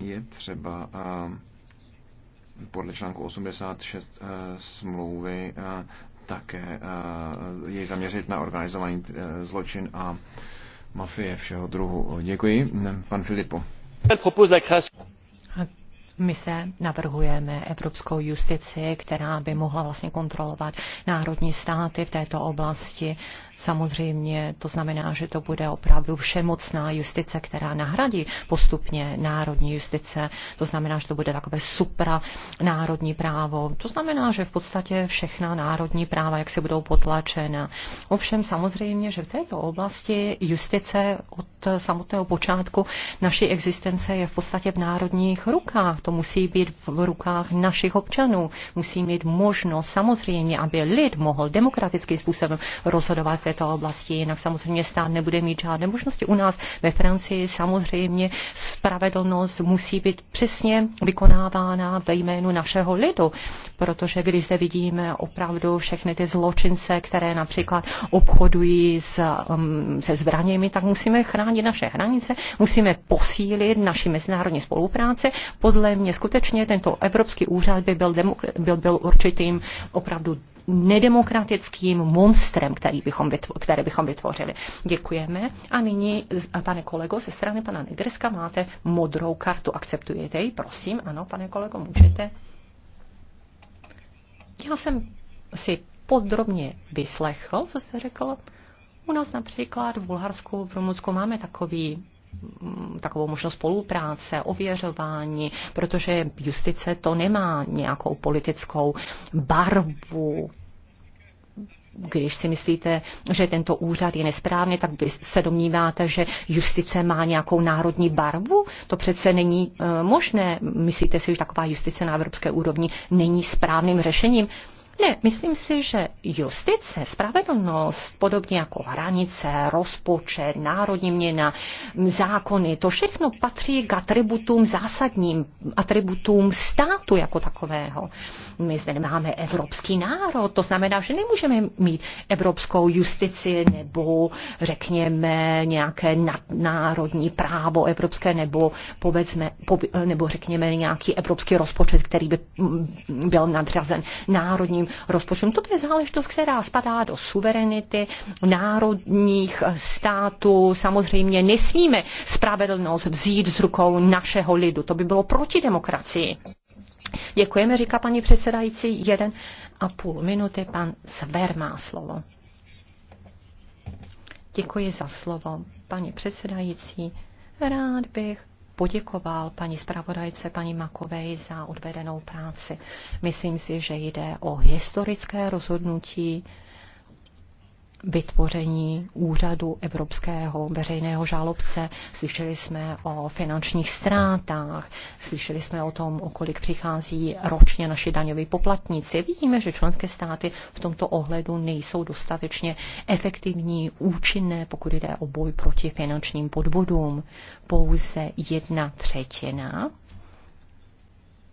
je třeba podle článku 86 e, smlouvy e, také e, jej zaměřit na organizovaný zločin a mafie všeho druhu. Děkuji. Pan Filipo. My se navrhujeme evropskou justici, která by mohla vlastně kontrolovat národní státy v této oblasti Samozřejmě to znamená, že to bude opravdu všemocná justice, která nahradí postupně národní justice. To znamená, že to bude takové supra národní právo. To znamená, že v podstatě všechna národní práva, jak se budou potlačena. Ovšem samozřejmě, že v této oblasti justice od samotného počátku naší existence je v podstatě v národních rukách. To musí být v rukách našich občanů. Musí mít možnost samozřejmě, aby lid mohl demokratickým způsobem rozhodovat této oblasti, jinak samozřejmě stát nebude mít žádné možnosti. U nás ve Francii samozřejmě spravedlnost musí být přesně vykonávána ve jménu našeho lidu, protože když zde vidíme opravdu všechny ty zločince, které například obchodují s, um, se zbraněmi, tak musíme chránit naše hranice, musíme posílit naši mezinárodní spolupráci. Podle mě skutečně tento Evropský úřad by byl, demok- byl, byl určitým opravdu nedemokratickým monstrem, který bychom vytvo- které bychom vytvořili. Děkujeme. A nyní, pane kolego, ze strany pana Nedrska máte modrou kartu. Akceptujete ji? Prosím, ano, pane kolego, můžete. Já jsem si podrobně vyslechl, co jste řekl. U nás například v Bulharsku, v Rumunsku máme takový Mm, takovou možnost spolupráce, ověřování, protože justice to nemá nějakou politickou barvu, když si myslíte, že tento úřad je nesprávný, tak vy se domníváte, že justice má nějakou národní barvu? To přece není eh, možné. Myslíte si, že taková justice na evropské úrovni není správným řešením? Ne, myslím si, že justice, spravedlnost, podobně jako hranice, rozpočet, národní měna, zákony, to všechno patří k atributům zásadním, atributům státu jako takového. My zde nemáme evropský národ, to znamená, že nemůžeme mít evropskou justici nebo řekněme nějaké nadnárodní právo evropské nebo, povedzme, nebo řekněme nějaký evropský rozpočet, který by mm, byl nadřazen národním Rozpočtem to Toto je záležitost, která spadá do suverenity národních států. Samozřejmě nesmíme spravedlnost vzít z rukou našeho lidu. To by bylo proti demokracii. Děkujeme, říká paní předsedající. Jeden a půl minuty pan zver má slovo. Děkuji za slovo, paní předsedající. Rád bych poděkoval paní zpravodajce, paní Makovej za odvedenou práci. Myslím si, že jde o historické rozhodnutí, vytvoření úřadu evropského veřejného žalobce. Slyšeli jsme o finančních ztrátách, slyšeli jsme o tom, o kolik přichází ročně naši daňoví poplatníci. Vidíme, že členské státy v tomto ohledu nejsou dostatečně efektivní, účinné, pokud jde o boj proti finančním podvodům. Pouze jedna třetina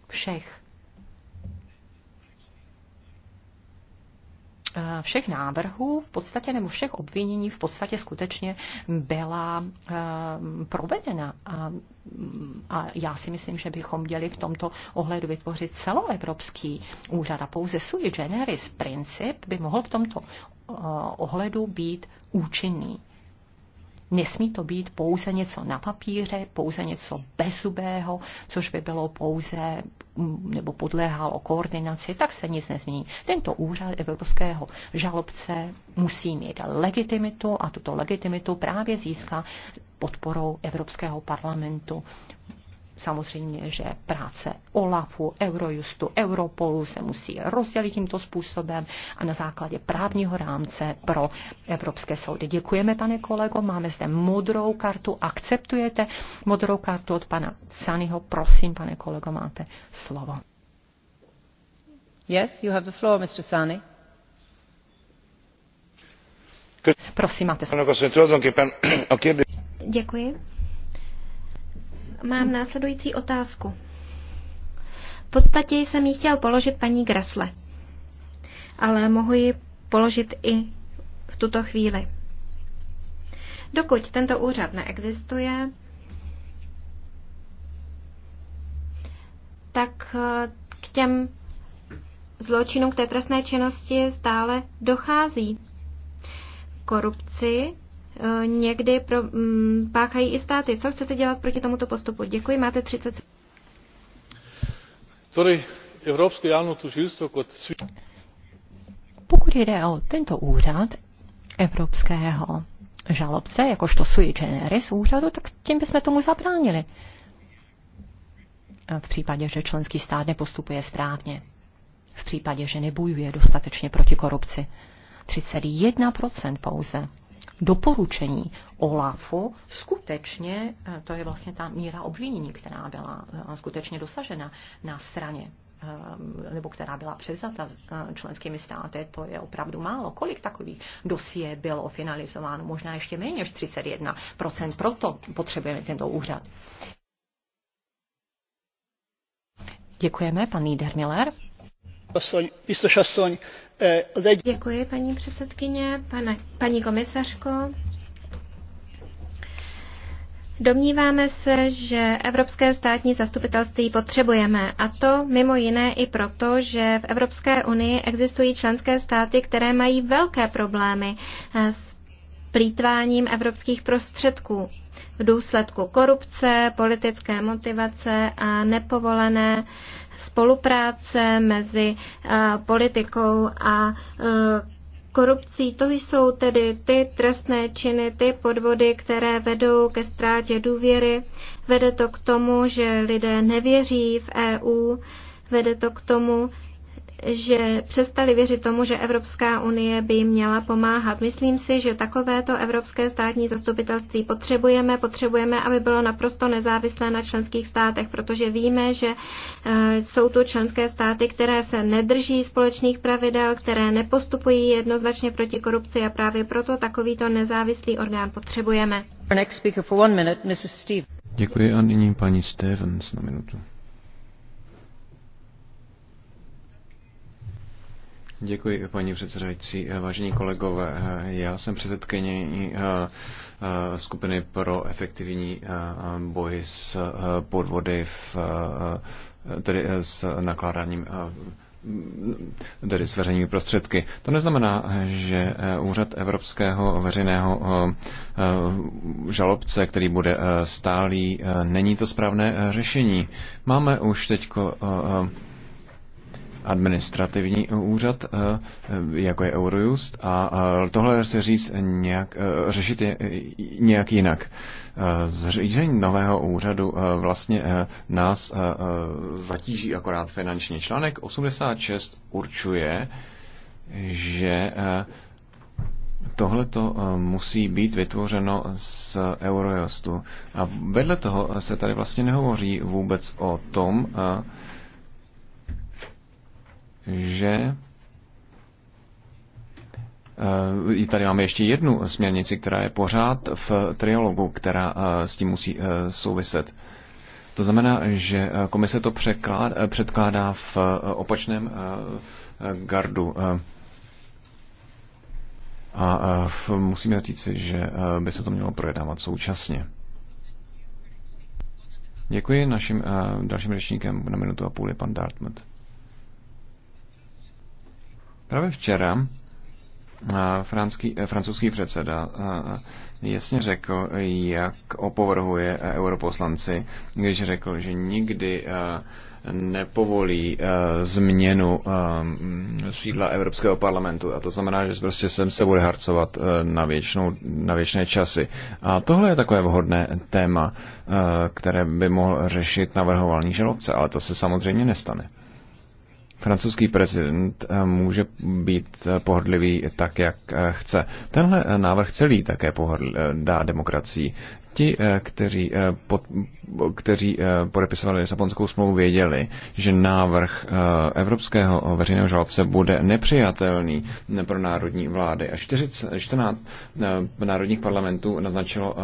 všech Eh, všech návrhů, v podstatě nebo všech obvinění v podstatě skutečně byla eh, provedena. A, a já si myslím, že bychom měli v tomto ohledu vytvořit celoevropský úřad a pouze sui generis princip by mohl v tomto eh, ohledu být účinný. Nesmí to být pouze něco na papíře, pouze něco bezubého, což by bylo pouze mm, nebo podléhalo koordinaci, tak se nic nezmění. Tento úřad evropského žalobce musí mít legitimitu a tuto legitimitu právě získá podporou Evropského parlamentu. Samozřejmě, že práce OLAFu, Eurojustu, Europolu se musí rozdělit tímto způsobem a na základě právního rámce pro Evropské soudy. Děkujeme, pane kolego, máme zde modrou kartu. Akceptujete modrou kartu od pana Saniho? Prosím, pane kolego, máte slovo. Yes, you have the floor, Mr. Sani. Prosím, máte slovo. Děkuji mám následující otázku. V podstatě jsem ji chtěl položit paní Gresle, ale mohu ji položit i v tuto chvíli. Dokud tento úřad neexistuje, tak eh, k těm zločinům, k té trestné činnosti stále dochází. Korupci Eh, někdy pro, m, mm, páchají i státy. Co chcete dělat proti tomuto postupu? Děkuji, máte 30 Tady Evropské javno tužilstvo kot Pokud jde o tento úřad evropského žalobce, jakožto sui generis úřadu, tak tím bychom tomu zabránili. V případě, že členský stát nepostupuje správně. V případě, že nebojuje dostatečně proti korupci. 31% pouze doporučení OLAFu, skutečně, eh, to je vlastně ta míra obvinění, která byla eh, skutečně dosažena na straně eh, nebo která byla převzata členskými státy, to je opravdu málo. Kolik takových dosie bylo finalizováno? Možná ještě méně než 31%, proto potřebujeme tento úřad. Děkujeme, pan Niedermiller. Eh, Děkuji, paní předsedkyně, pane, paní komisařko. Domníváme se, že evropské státní zastupitelství potřebujeme, a to mimo jiné i proto, že v Evropské unii existují členské státy, které mají velké problémy eh, s plítváním evropských prostředků v důsledku korupce, politické motivace a nepovolené uh, spolupráce mezi eh, politikou a eh, korupcí. To jsou tedy ty trestné činy, ty podvody, které vedou ke ztrátě důvěry. Vede to k tomu, že lidé nevěří v EU, vede to k tomu, že přestali věřit tomu, že Evropská unie by jim měla pomáhat. Myslím si, že takovéto evropské státní zastupitelství potřebujeme. Potřebujeme, aby bylo naprosto nezávislé na členských státech, protože víme, že eh, jsou tu členské státy, které se nedrží společných pravidel, které nepostupují jednoznačně proti korupci a právě proto takovýto nezávislý orgán potřebujeme. Děkuji a nyní paní Stevens na minutu. Děkuji, paní předsedající. Vážení kolegové, já jsem předsedkyně eh, eh, skupiny pro efektivní eh, boj s podvody, v, tedy s nakládáním tedy s veřejnými prostředky. To neznamená, že úřad evropského veřejného žalobce, který bude stálý, není to správné řešení. Máme už teďko administrativní úřad, eh, eh, jako je Eurojust, a tohle se říct nějak, eh, řešit je nějak jinak. Zřízení nového úřadu vlastně nás zatíží akorát finančně. Článek 86 určuje, že Tohle to musí být vytvořeno z Eurojustu. A vedle toho se tady vlastně nehovoří vůbec o tom, že eh, i tady máme ještě jednu směrnici, která je pořád v triologu, která eh, s tím musí eh, souviset. To znamená, že komise to předkládá v opačném gardu. A musíme říct, že by se to mělo projednávat současně. Děkuji. Naším dalším řečníkem na minutu a půl je pan Dartmouth. Právě včera eh, francouzský předseda jasně řekl, jak opovrhuje eh, europoslanci, když řekl, že nikdy eh, nepovolí změnu sídla Evropského parlamentu. A to znamená, že prostě sem se bude harcovat na, věčnou, na věčné časy. A tohle je takové vhodné téma, které by mohl řešit navrhovaný žalobce, ale to se samozřejmě nestane francouzský prezident eh, může být eh, pohodlivý tak, jak eh, chce. Tenhle návrh celý také pohodl, dá demokracii. Ti, kteří, pod, kteří podepisovali Lisabonskou smlouvu, věděli, že návrh evropského veřejného žalobce bude nepřijatelný pro národní vlády. A 14 národních parlamentů naznačilo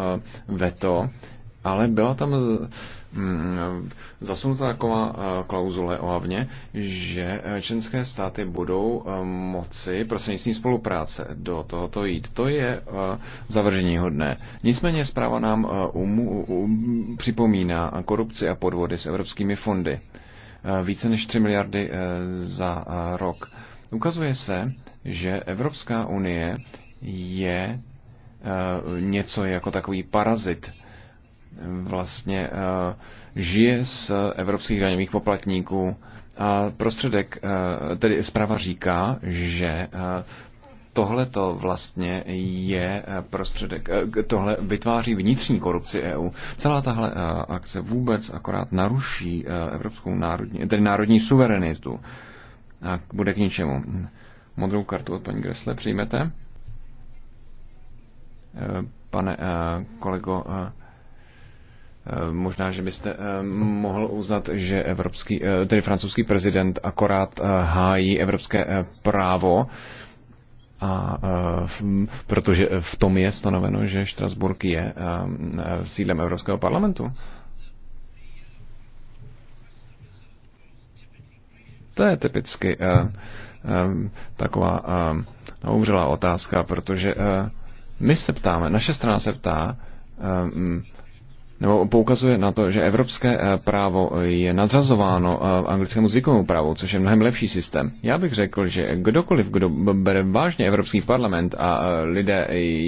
veto, ale byla tam Mm, zasunutá taková eh, klauzule o hlavně, že eh, členské státy budou eh, moci prostřednictvím spolupráce do tohoto jít. To je zavržení hodné. Nicméně zpráva nám umu, um, připomíná korupci a podvody s evropskými fondy. Více než 3 miliardy za rok. Ukazuje se, že Evropská unie je něco jako takový parazit, vlastně eh, žije z evropských daňových poplatníků. A prostředek, eh, tedy zpráva říká, že eh, tohle to vlastně je prostředek, tohle vytváří vnitřní korupci EU. Celá tahle akce vůbec akorát naruší evropskou národní, tedy národní suverenitu a bude k ničemu. Modrou kartu od paní Gresle přijmete. Pane kolego, Eh, možná, že byste eh, mohl uznat, že evropský, eh, tedy francouzský prezident akorát hájí evropské právo, a, protože v tom je stanoveno, že Štrasburg je sídlem Evropského parlamentu. To je typicky taková naumřelá no, otázka, protože my se ptáme, naše strana se ptá, nebo poukazuje na to, že evropské eh, právo eh, je nadřazováno eh, anglickému zvykovému právu, což je mnohem lepší systém. Já bych řekl, že kdokoliv, kdo bere vážně Evropský parlament a lidé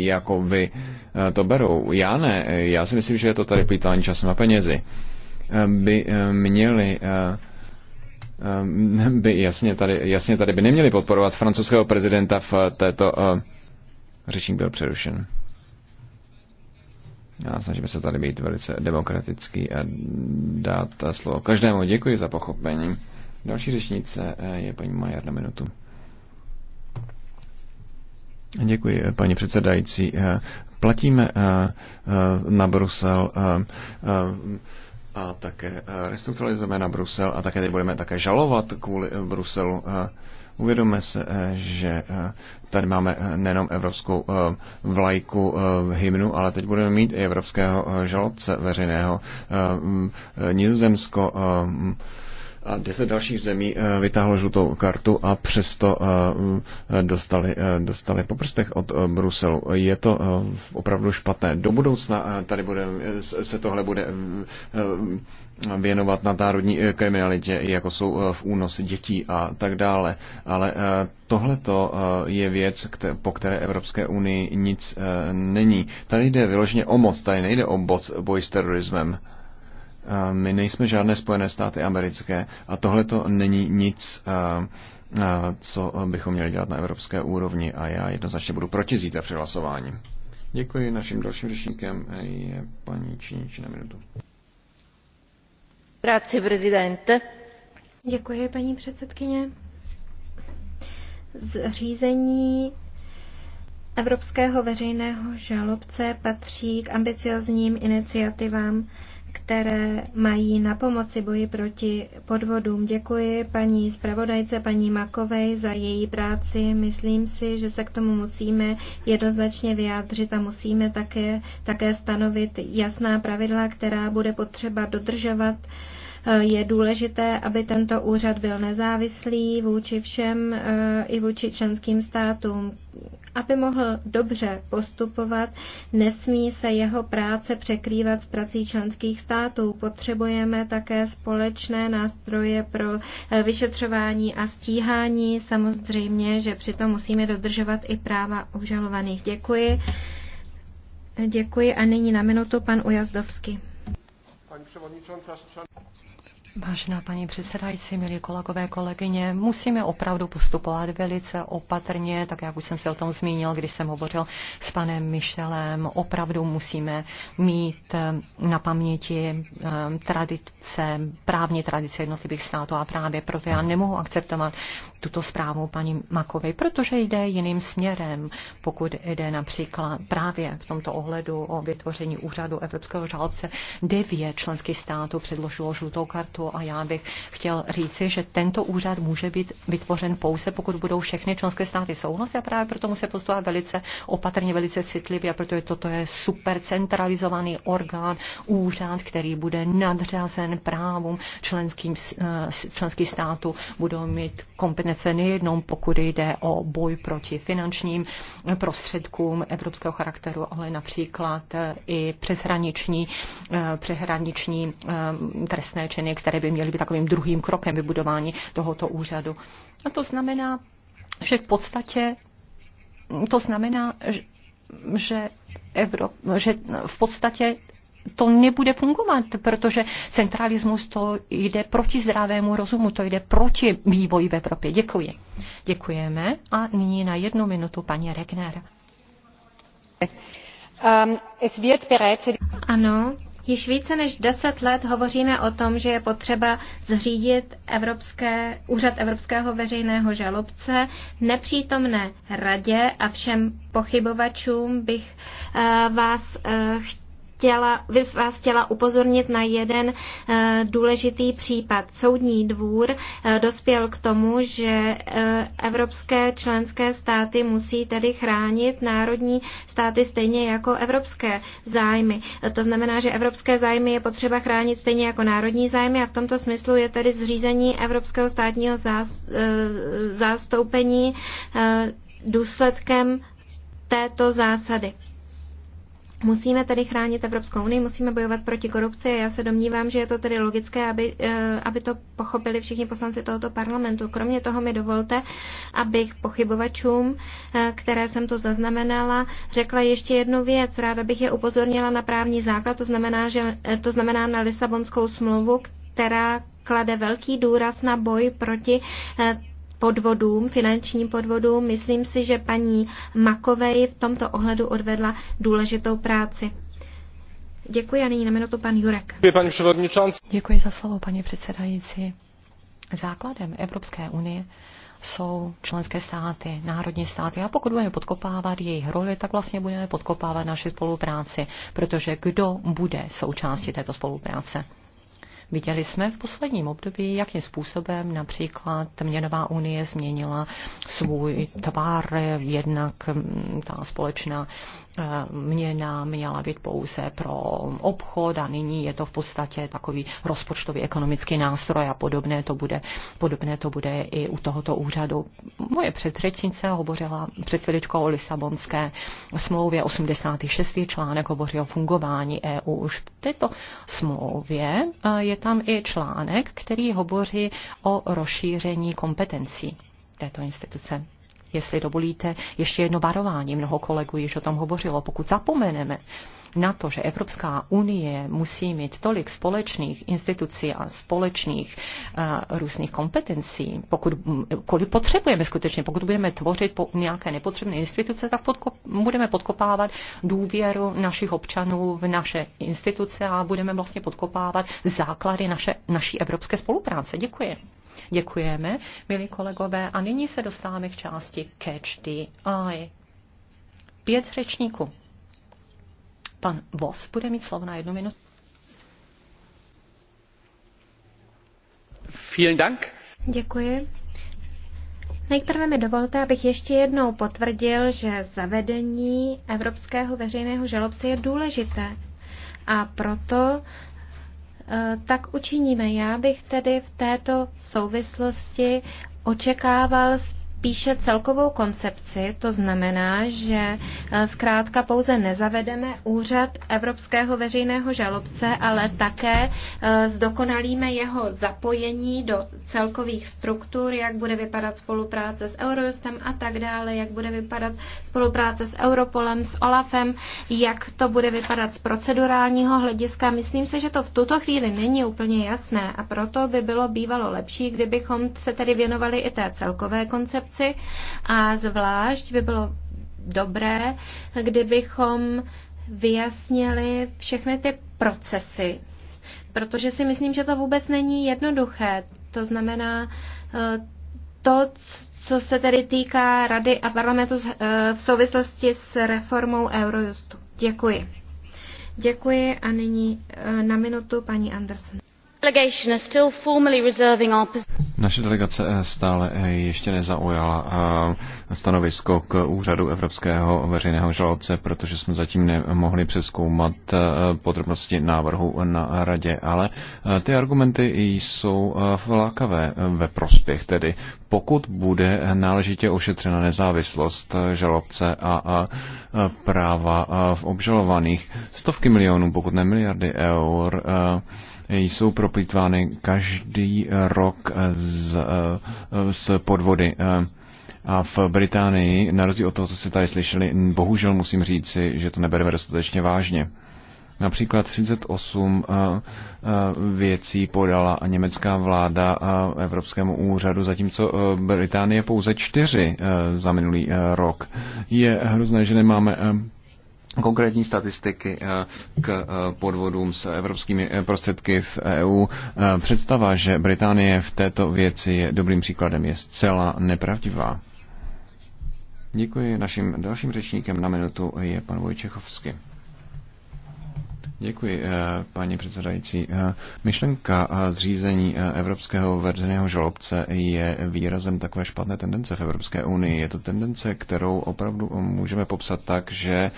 jako vy to berou, já ne, já si myslím, že je to tady plýtvání časem a penězi, by měli [LAUGHS] by jasně tady, jasně tady by neměli podporovat francouzského prezidenta v této řečník byl přerušen. A snažíme se tady být velice demokratický a dát slovo každému. Děkuji za pochopení. Další řečnice eh, je paní Majer na minutu. Děkuji, eh, paní předsedající. Eh, platíme na Brusel a také restrukturalizujeme na Brusel a také teď budeme také žalovat kvůli Bruselu. Uvědomme se, eh, že eh, tady máme eh, nejenom evropskou vlajku hymnu, ale teď budeme mít i evropského žalobce veřejného. Nizozemsko a deset dalších zemí eh, vytáhlo žlutou kartu a přesto eh, mm, eh, dostali, dostali po prstech od Bruselu. Je to opravdu špatné. Do budoucna tady bude, se tohle bude mm, věnovat nadnárodní kriminalitě, jako jsou v únos dětí a tak dále. Ale tohle je věc, po které Evropské unii nic není. Tady jde vyloženě o moc, tady nejde o boj s terorismem. My nejsme žádné Spojené státy americké a tohle to není nic, co bychom měli dělat na evropské úrovni a já jednoznačně budu proti zítra při hlasování. Děkuji. Naším dalším řečníkem je paní Činíči na minutu. Práci prezidente. Děkuji, paní předsedkyně. Zřízení Evropského veřejného žalobce patří k ambiciozním iniciativám které mají na pomoci boji proti podvodům. Děkuji paní zpravodajce, paní Makovej za její práci. Myslím si, že se k tomu musíme jednoznačně vyjádřit a musíme také, také stanovit jasná pravidla, která bude potřeba dodržovat. Je důležité, aby tento úřad byl nezávislý vůči všem eh, i vůči členským státům. Aby mohl dobře postupovat, nesmí se jeho práce překrývat s prací členských států. Potřebujeme také společné nástroje pro eh, vyšetřování a stíhání. Samozřejmě, že přitom musíme dodržovat i práva obžalovaných. Děkuji. Děkuji a nyní na minutu pan Ujazdovský. Vážená paní předsedající, milí kolegové, kolegyně, musíme opravdu postupovat velice opatrně, tak jak už jsem se o tom zmínil, když jsem hovořil s panem Michelem. Opravdu musíme mít eh, na paměti eh, tradice, právní tradice jednotlivých států a právě proto já nemohu akceptovat tuto zprávu paní Makové, protože jde jiným směrem, pokud jde například právě v tomto ohledu o vytvoření úřadu Evropského žalobce. Devět členských států předložilo žlutou kartu státu a já bych chtěl říci, že tento úřad může být vytvořen pouze, pokud budou všechny členské státy souhlasit a právě proto musí postupovat velice opatrně, velice citlivě, A protože toto je super centralizovaný orgán, úřad, který bude nadřazen právům členským, eh, členských států, budou mít kompetence nejenom pokud jde o boj proti finančním prostředkům evropského charakteru, ale například eh, i přeshraniční, eh, přeshraniční trestné činy, které které by měly být takovým druhým krokem vybudování tohoto úřadu. A to znamená, že v podstatě to znamená, že, Evrop, že v podstatě to nebude fungovat, protože centralismus to jde proti zdravému rozumu, to jde proti vývoji v Evropě. Děkuji. Děkujeme a nyní na jednu minutu paní Regner. Um, ano, Již více než deset let hovoříme o tom, že je potřeba zřídit Evropské, úřad Evropského veřejného žalobce. Nepřítomné radě a všem pochybovačům bych eh, vás chtěla eh, chtěla, vás chtěla upozornit na jeden eh, důležitý případ. Soudní dvůr eh, dospěl k tomu, že eh, evropské členské státy musí tedy chránit národní státy stejně jako evropské zájmy. To znamená, že evropské zájmy je potřeba chránit stejně jako národní zájmy a v tomto smyslu je tedy zřízení evropského státního zástoupení důsledkem této zásady. Musíme tedy chránit Evropskou unii, musíme bojovat proti korupci a já se domnívám, že je to tedy logické, aby, eh, aby to pochopili všichni poslanci tohoto parlamentu. Kromě toho mi dovolte, abych pochybovačům, eh, které jsem tu zaznamenala, řekla ještě jednu věc. Ráda bych je upozornila na právní základ, to znamená, že, eh, to znamená na Lisabonskou smlouvu, která klade velký důraz na boj proti podvodům, finančním podvodům. Myslím si, že paní Makovej v tomto ohledu odvedla důležitou práci. Děkuji a nyní na minutu pan Jurek. Děkuji za slovo, paní předsedající. Základem Evropské unie jsou členské státy, národní státy. A pokud budeme podkopávat jejich roli, tak vlastně budeme podkopávat naši spolupráci, protože kdo bude součástí této spolupráce? Viděli jsme v posledním období, jakým způsobem například měnová unie změnila svůj tvar, jednak mm, ta společná eh, měna měla být pouze pro obchod a nyní je to v podstatě takový rozpočtový ekonomický nástroj a podobné to bude, podobné to bude i u tohoto úřadu. Moje předřečnice hovořila před chviličkou o Lisabonské smlouvě 86. článek hovoří o fungování EU. Už v této smlouvě eh, je tam i článek, který hovoří o rozšíření kompetencí této instituce jestli dovolíte, ještě jedno varování. Mnoho kolegů již o tom hovořilo. Pokud zapomeneme na to, že Evropská unie musí mít tolik společných institucí a společných a, eh, různých kompetencí, pokud, kolik potřebujeme skutečně, pokud budeme tvořit po nějaké nepotřebné instituce, tak podkop, budeme podkopávat důvěru našich občanů v naše instituce a budeme vlastně podkopávat základy naše, naší evropské spolupráce. Děkuji. Děkujeme, milí kolegové. A nyní se dostáváme k části Catch the Eye. Pět řečníků. Pan Vos bude mít slovo na jednu minutu. Vielen Dank. Děkuji. Nejprve mi dovolte, abych ještě jednou potvrdil, že zavedení Evropského veřejného žalobce je důležité. A proto Eh, tak učiníme. Já bych tedy v této souvislosti očekával píše celkovou koncepci, to znamená, že e, zkrátka pouze nezavedeme úřad Evropského veřejného žalobce, ale také e, zdokonalíme jeho zapojení do celkových struktur, jak bude vypadat spolupráce s Eurojustem a tak dále, jak bude vypadat spolupráce s Europolem, s Olafem, jak to bude vypadat z procedurálního hlediska. Myslím se, že to v tuto chvíli není úplně jasné a proto by bylo bývalo lepší, kdybychom se tedy věnovali i té celkové koncepci práci a zvlášť by bylo dobré, kdybychom vyjasnili všechny ty procesy, protože si myslím, že to vůbec není jednoduché. To znamená, eh, to, co se tedy týká Rady a parlamentu eh, v souvislosti s reformou Eurojustu. Děkuji. Děkuji a nyní eh, na minutu paní Anderson. Naše delegace eh, stále eh, ještě nezaujala eh, stanovisko k úřadu Evropského veřejného žalobce, protože jsme zatím nemohli přeskoumat podrobnosti návrhu na radě, ale ty argumenty jsou vlákavé ve prospěch tedy, pokud bude náležitě ošetřena nezávislost žalobce a práva v obžalovaných stovky milionů, pokud ne miliardy eur, jsou proplitvány každý rok z, z podvody. A v Británii, na rozdíl od toho, co jste tady slyšeli, bohužel musím říci, že to nebereme dostatečně vážně. Například 38 eh, eh, věcí podala německá vláda eh, Evropskému úřadu, zatímco Británie pouze čtyři za minulý rok. Je hrozné, že nemáme konkrétní statistiky eh, k eh, podvodům s evropskými eh, prostředky v EU. Představa, že Británie v této věci je dobrým příkladem, je zcela nepravdivá. Děkuji. Naším dalším řečníkem na minutu je pan Vojčechovský. Děkuji, eh, paní předsedající. Eh, myšlenka eh, zřízení evropského veřejného žalobce je výrazem takové špatné tendence v Evropské unii. Je to tendence, kterou opravdu můžeme popsat tak, že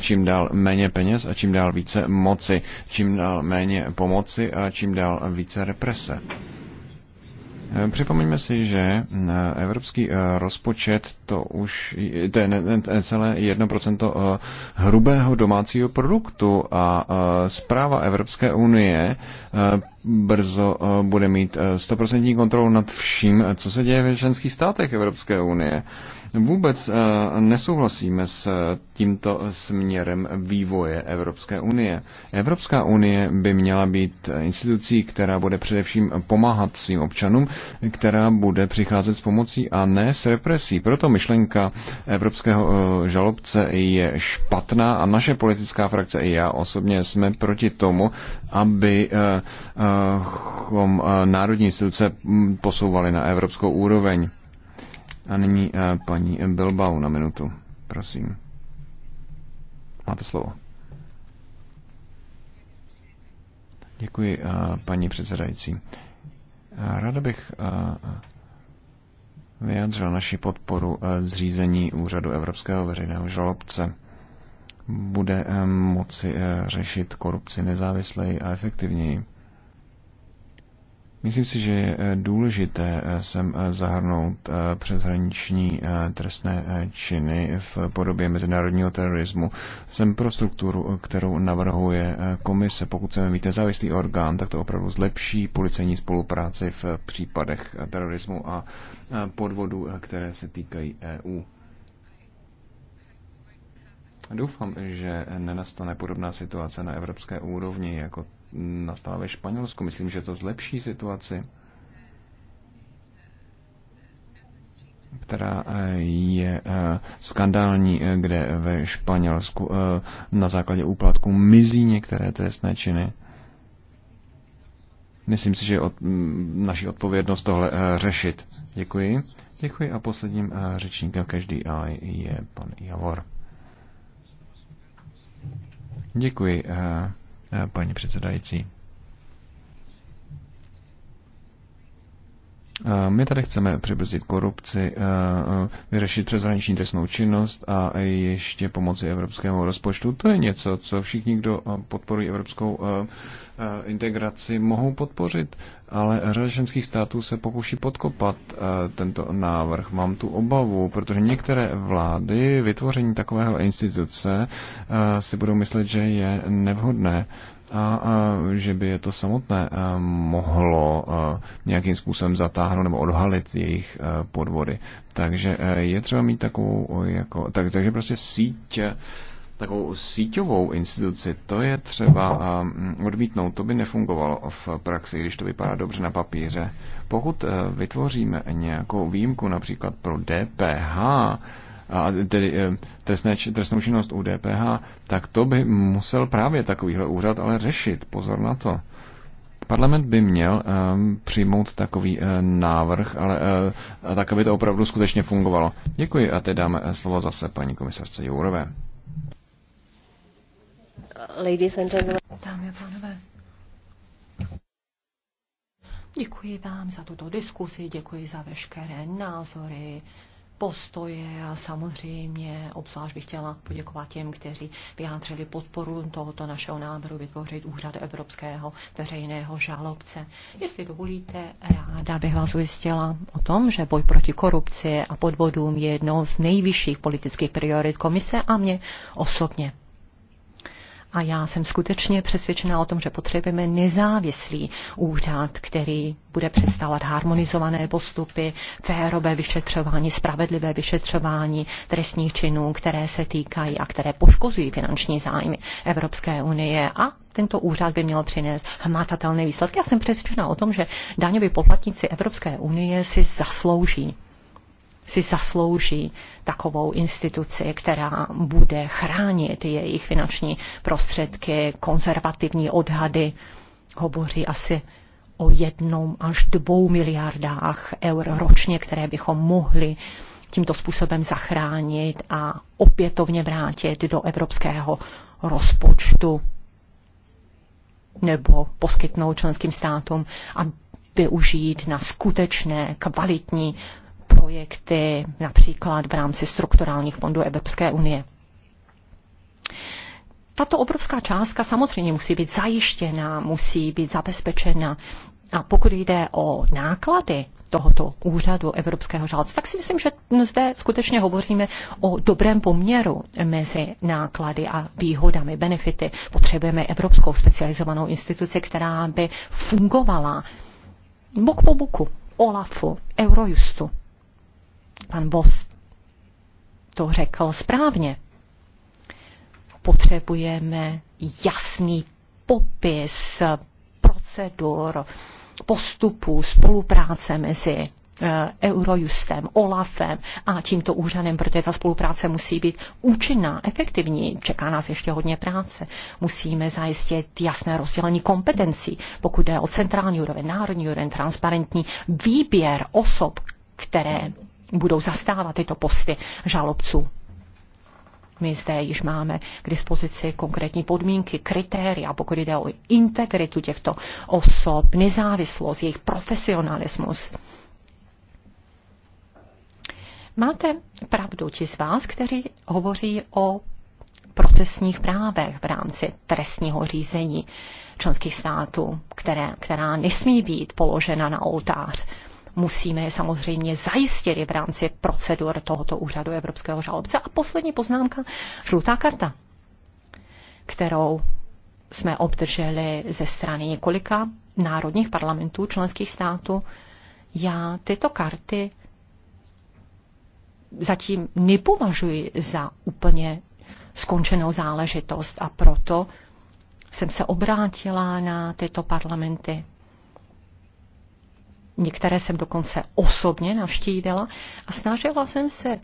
čím dál méně peněz a čím dál více moci, čím dál méně pomoci a čím dál více represe. Eh, připomeňme si, že eh, evropský eh, rozpočet to už to je celé 1% hrubého domácího produktu a zpráva Evropské unie brzo bude mít 100% kontrolu nad vším, co se děje ve členských státech Evropské unie. Vůbec eh, nesouhlasíme s eh, tímto směrem vývoje Evropské unie. Evropská unie by měla být eh, institucí, která bude především pomáhat svým občanům, která bude přicházet s pomocí a ne s represí. Proto myšlenka evropského žalobce je špatná a naše politická frakce i já osobně jsme proti tomu, aby národní instituce mm, posouvaly na evropskou úroveň. A nyní eh, paní Bilbao na minutu, prosím. Máte slovo. Děkuji, eh, paní předsedající. Eh, ráda bych vyjádřila naši podporu zřízení úřadu Evropského veřejného žalobce. Bude moci řešit korupci nezávisleji a efektivněji. Myslím si, že je eh, důležité eh, sem eh, zahrnout přeshraniční trestné činy v podobě mezinárodního terorismu. Jsem pro strukturu, kterou navrhuje komise. Pokud chceme mít nezávislý orgán, tak to opravdu zlepší policejní spolupráci v případech terorismu a podvodů, které se týkají EU. Doufám, že nenastane podobná situace na evropské úrovni, jako nastala ve Španělsku. Myslím, že to zlepší situaci, která eh, je eh, skandální, eh, kde ve Španělsku na základě úplatku mizí některé trestné činy. Myslím si, že je od, naší odpovědnost tohle řešit. Děkuji. Děkuji a posledním řečníkem každý a je pan Javor. Děkuji. Eh, paní předsedající. My tady chceme přibrzdit korupci, vyřešit přeshraniční trestnou činnost a ještě pomoci evropskému rozpočtu. To je něco, co všichni, kdo podporují evropskou integraci, mohou podpořit, ale řada členských států se pokouší podkopat tento návrh. Mám tu obavu, protože některé vlády vytvoření takového instituce si budou myslet, že je nevhodné a, a že by je to samotné a, mohlo a, nějakým způsobem zatáhnout nebo odhalit jejich a, podvody. Takže a, je třeba mít takovou, jako, tak, takže prostě síť takovou síťovou instituci, to je třeba odmítnout, to by nefungovalo v praxi, když to vypadá dobře na papíře. Pokud vytvoříme nějakou výjimku například pro DPH, a tedy eh, trestné, trestnou činnost u DPH, tak to by musel právě takovýhle úřad ale řešit. Pozor na to. Parlament by měl um, přijmout takový uh, návrh, ale uh, tak, aby to opravdu skutečně fungovalo. Děkuji a teď dáme slovo zase paní komisarce Jourové. Ladies and gentlemen. Dámy a pánové. Děkuji vám za tuto diskusi, děkuji za veškeré názory, postoje a samozřejmě obzvlášť bych chtěla poděkovat těm, kteří vyjádřili podporu tohoto našeho návrhu vytvořit úřad evropského veřejného žalobce. Jestli dovolíte, ráda bych vás ujistila o tom, že boj proti korupci a podvodům je jednou z nejvyšších politických priorit komise a mě osobně. A já jsem skutečně přesvědčena o tom, že potřebujeme nezávislý úřad, který bude přestávat harmonizované postupy, férové vyšetřování, spravedlivé vyšetřování trestních činů, které se týkají a které poškozují finanční zájmy Evropské unie a tento úřad by měl přinést hmatatelné výsledky. Já jsem přesvědčena o tom, že daňoví poplatníci Evropské unie si zaslouží si zaslouží takovou instituci, která bude chránit jejich finanční prostředky, konzervativní odhady. Hovoří asi o jednom až dvou miliardách eur ročně, které bychom mohli tímto způsobem zachránit a opětovně vrátit do evropského rozpočtu nebo poskytnout členským státům a využít na skutečné kvalitní projekty například v rámci strukturálních fondů Evropské unie. Tato obrovská částka samozřejmě musí být zajištěna, musí být zabezpečena. A pokud jde o náklady tohoto úřadu Evropského žalce, tak si myslím, že zde skutečně hovoříme o dobrém poměru mezi náklady a výhodami, benefity. Potřebujeme evropskou specializovanou instituci, která by fungovala bok po boku, OLAFu, Eurojustu, pan Vos to řekl správně. Potřebujeme jasný popis procedur, postupů, spolupráce mezi eh, Eurojustem, OLAFem a tímto úřadem, protože ta spolupráce musí být účinná, efektivní. Čeká nás ještě hodně práce. Musíme zajistit jasné rozdělení kompetencí, pokud jde o centrální úroveň, národní úroveň, transparentní výběr osob, které budou zastávat tyto posty žalobců. My zde již máme k dispozici konkrétní podmínky, kritéria, pokud jde o integritu těchto osob, nezávislost, jejich profesionalismus. Máte pravdu ti z vás, kteří hovoří o procesních právech v rámci trestního řízení členských států, které, která nesmí být položena na oltář musíme je samozřejmě zajistit i v rámci procedur tohoto úřadu Evropského žalobce. A poslední poznámka, žlutá karta, kterou jsme obdrželi ze strany několika národních parlamentů členských států. Já tyto karty zatím nepovažuji za úplně skončenou záležitost a proto jsem se obrátila na tyto parlamenty Některé jsem dokonce osobně navštívila a snažila jsem se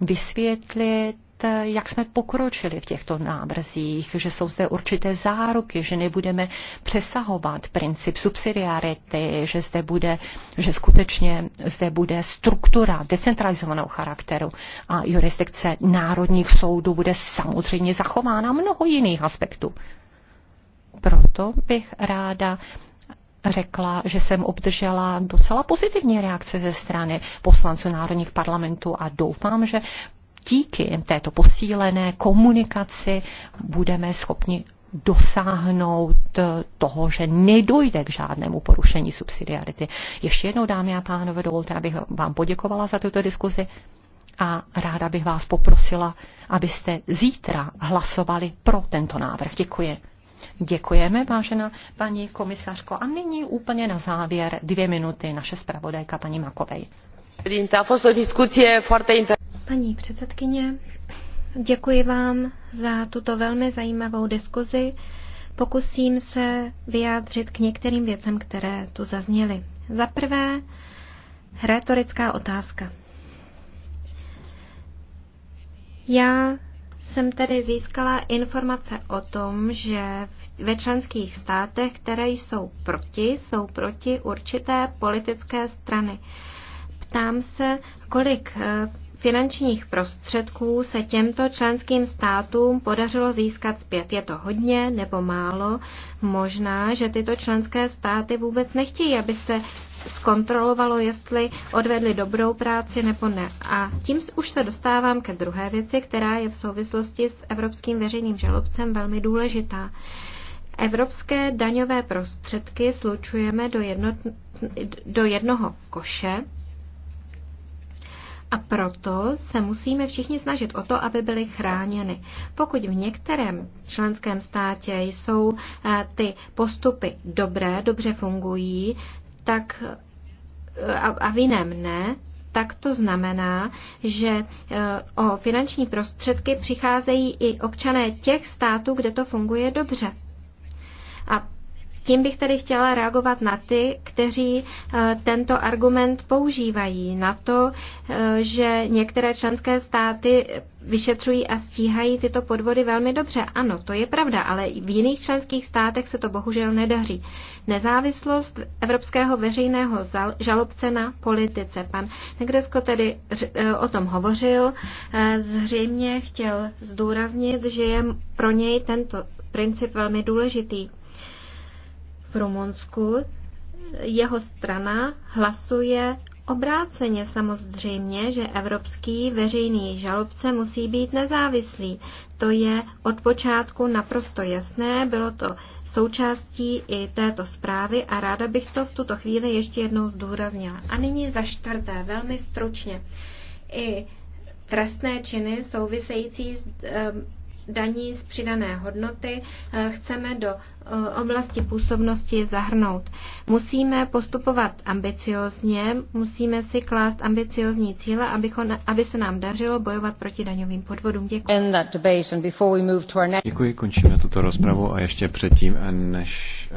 vysvětlit, jak jsme pokročili v těchto návrzích, že jsou zde určité záruky, že nebudeme přesahovat princip subsidiarity, že zde bude, že skutečně zde bude struktura decentralizovaného charakteru a jurisdikce národních soudů bude samozřejmě zachována mnoho jiných aspektů. Proto bych ráda řekla, že jsem obdržela docela pozitivní reakce ze strany poslanců národních parlamentů a doufám, že díky této posílené komunikaci budeme schopni dosáhnout eh, toho, že nedojde k žádnému porušení subsidiarity. Ještě jednou, dámy a pánové, dovolte, abych vám poděkovala za tuto diskuzi a ráda bych vás poprosila, abyste zítra hlasovali pro tento návrh. Děkuji. Děkujeme, vážená paní komisařko. A nyní úplně na závěr dvě minuty naše zpravodajka paní Makovej. Paní předsedkyně, děkuji vám za tuto velmi zajímavou diskuzi. Pokusím se vyjádřit k některým věcem, které tu zazněly. Za prvé, retorická otázka. Já jsem tedy získala informace o tom, že ve členských státech, které jsou proti, jsou proti určité politické strany. Ptám se, kolik eh, finančních prostředků se těmto členským státům podařilo získat zpět. Je to hodně nebo málo? Možná, že tyto členské státy vůbec nechtějí, aby se zkontrolovalo, jestli odvedli dobrou práci nebo ne. A tím už se dostávám ke druhé věci, která je v souvislosti s Evropským veřejným žalobcem velmi důležitá. Evropské daňové prostředky slučujeme do, jedno, do jednoho koše a proto se musíme všichni snažit o to, aby byly chráněny. Pokud v některém členském státě jsou eh, ty postupy dobré, dobře fungují, tak eh, a v jiném ne, tak to znamená, že eh, o finanční prostředky přicházejí i občané těch států, kde to funguje dobře. A tím bych tedy chtěla reagovat na ty, kteří eh, tento argument používají, na to, eh, že některé členské státy vyšetřují a stíhají tyto podvody velmi dobře. Ano, to je pravda, ale v jiných členských státech se to bohužel nedaří. Nezávislost evropského veřejného žalobce na politice. Pan Negresko tedy eh, o tom hovořil. Zřejmě chtěl zdůraznit, že je pro něj tento princip velmi důležitý v Rumunsku jeho strana hlasuje obráceně samozřejmě, že evropský veřejný žalobce musí být nezávislý. To je od počátku naprosto jasné, bylo to součástí i této zprávy a ráda bych to v tuto chvíli ještě jednou zdůraznila. A nyní za čtvrté, velmi stručně. I trestné činy související s ehm, daní z přidané hodnoty eh, chceme do eh, oblasti působnosti zahrnout. Musíme postupovat ambiciozně, musíme si klást ambiciozní cíle, abychom, aby se nám dařilo bojovat proti daňovým podvodům. Děkuji. Děkuji, končíme tuto rozpravu a ještě předtím, než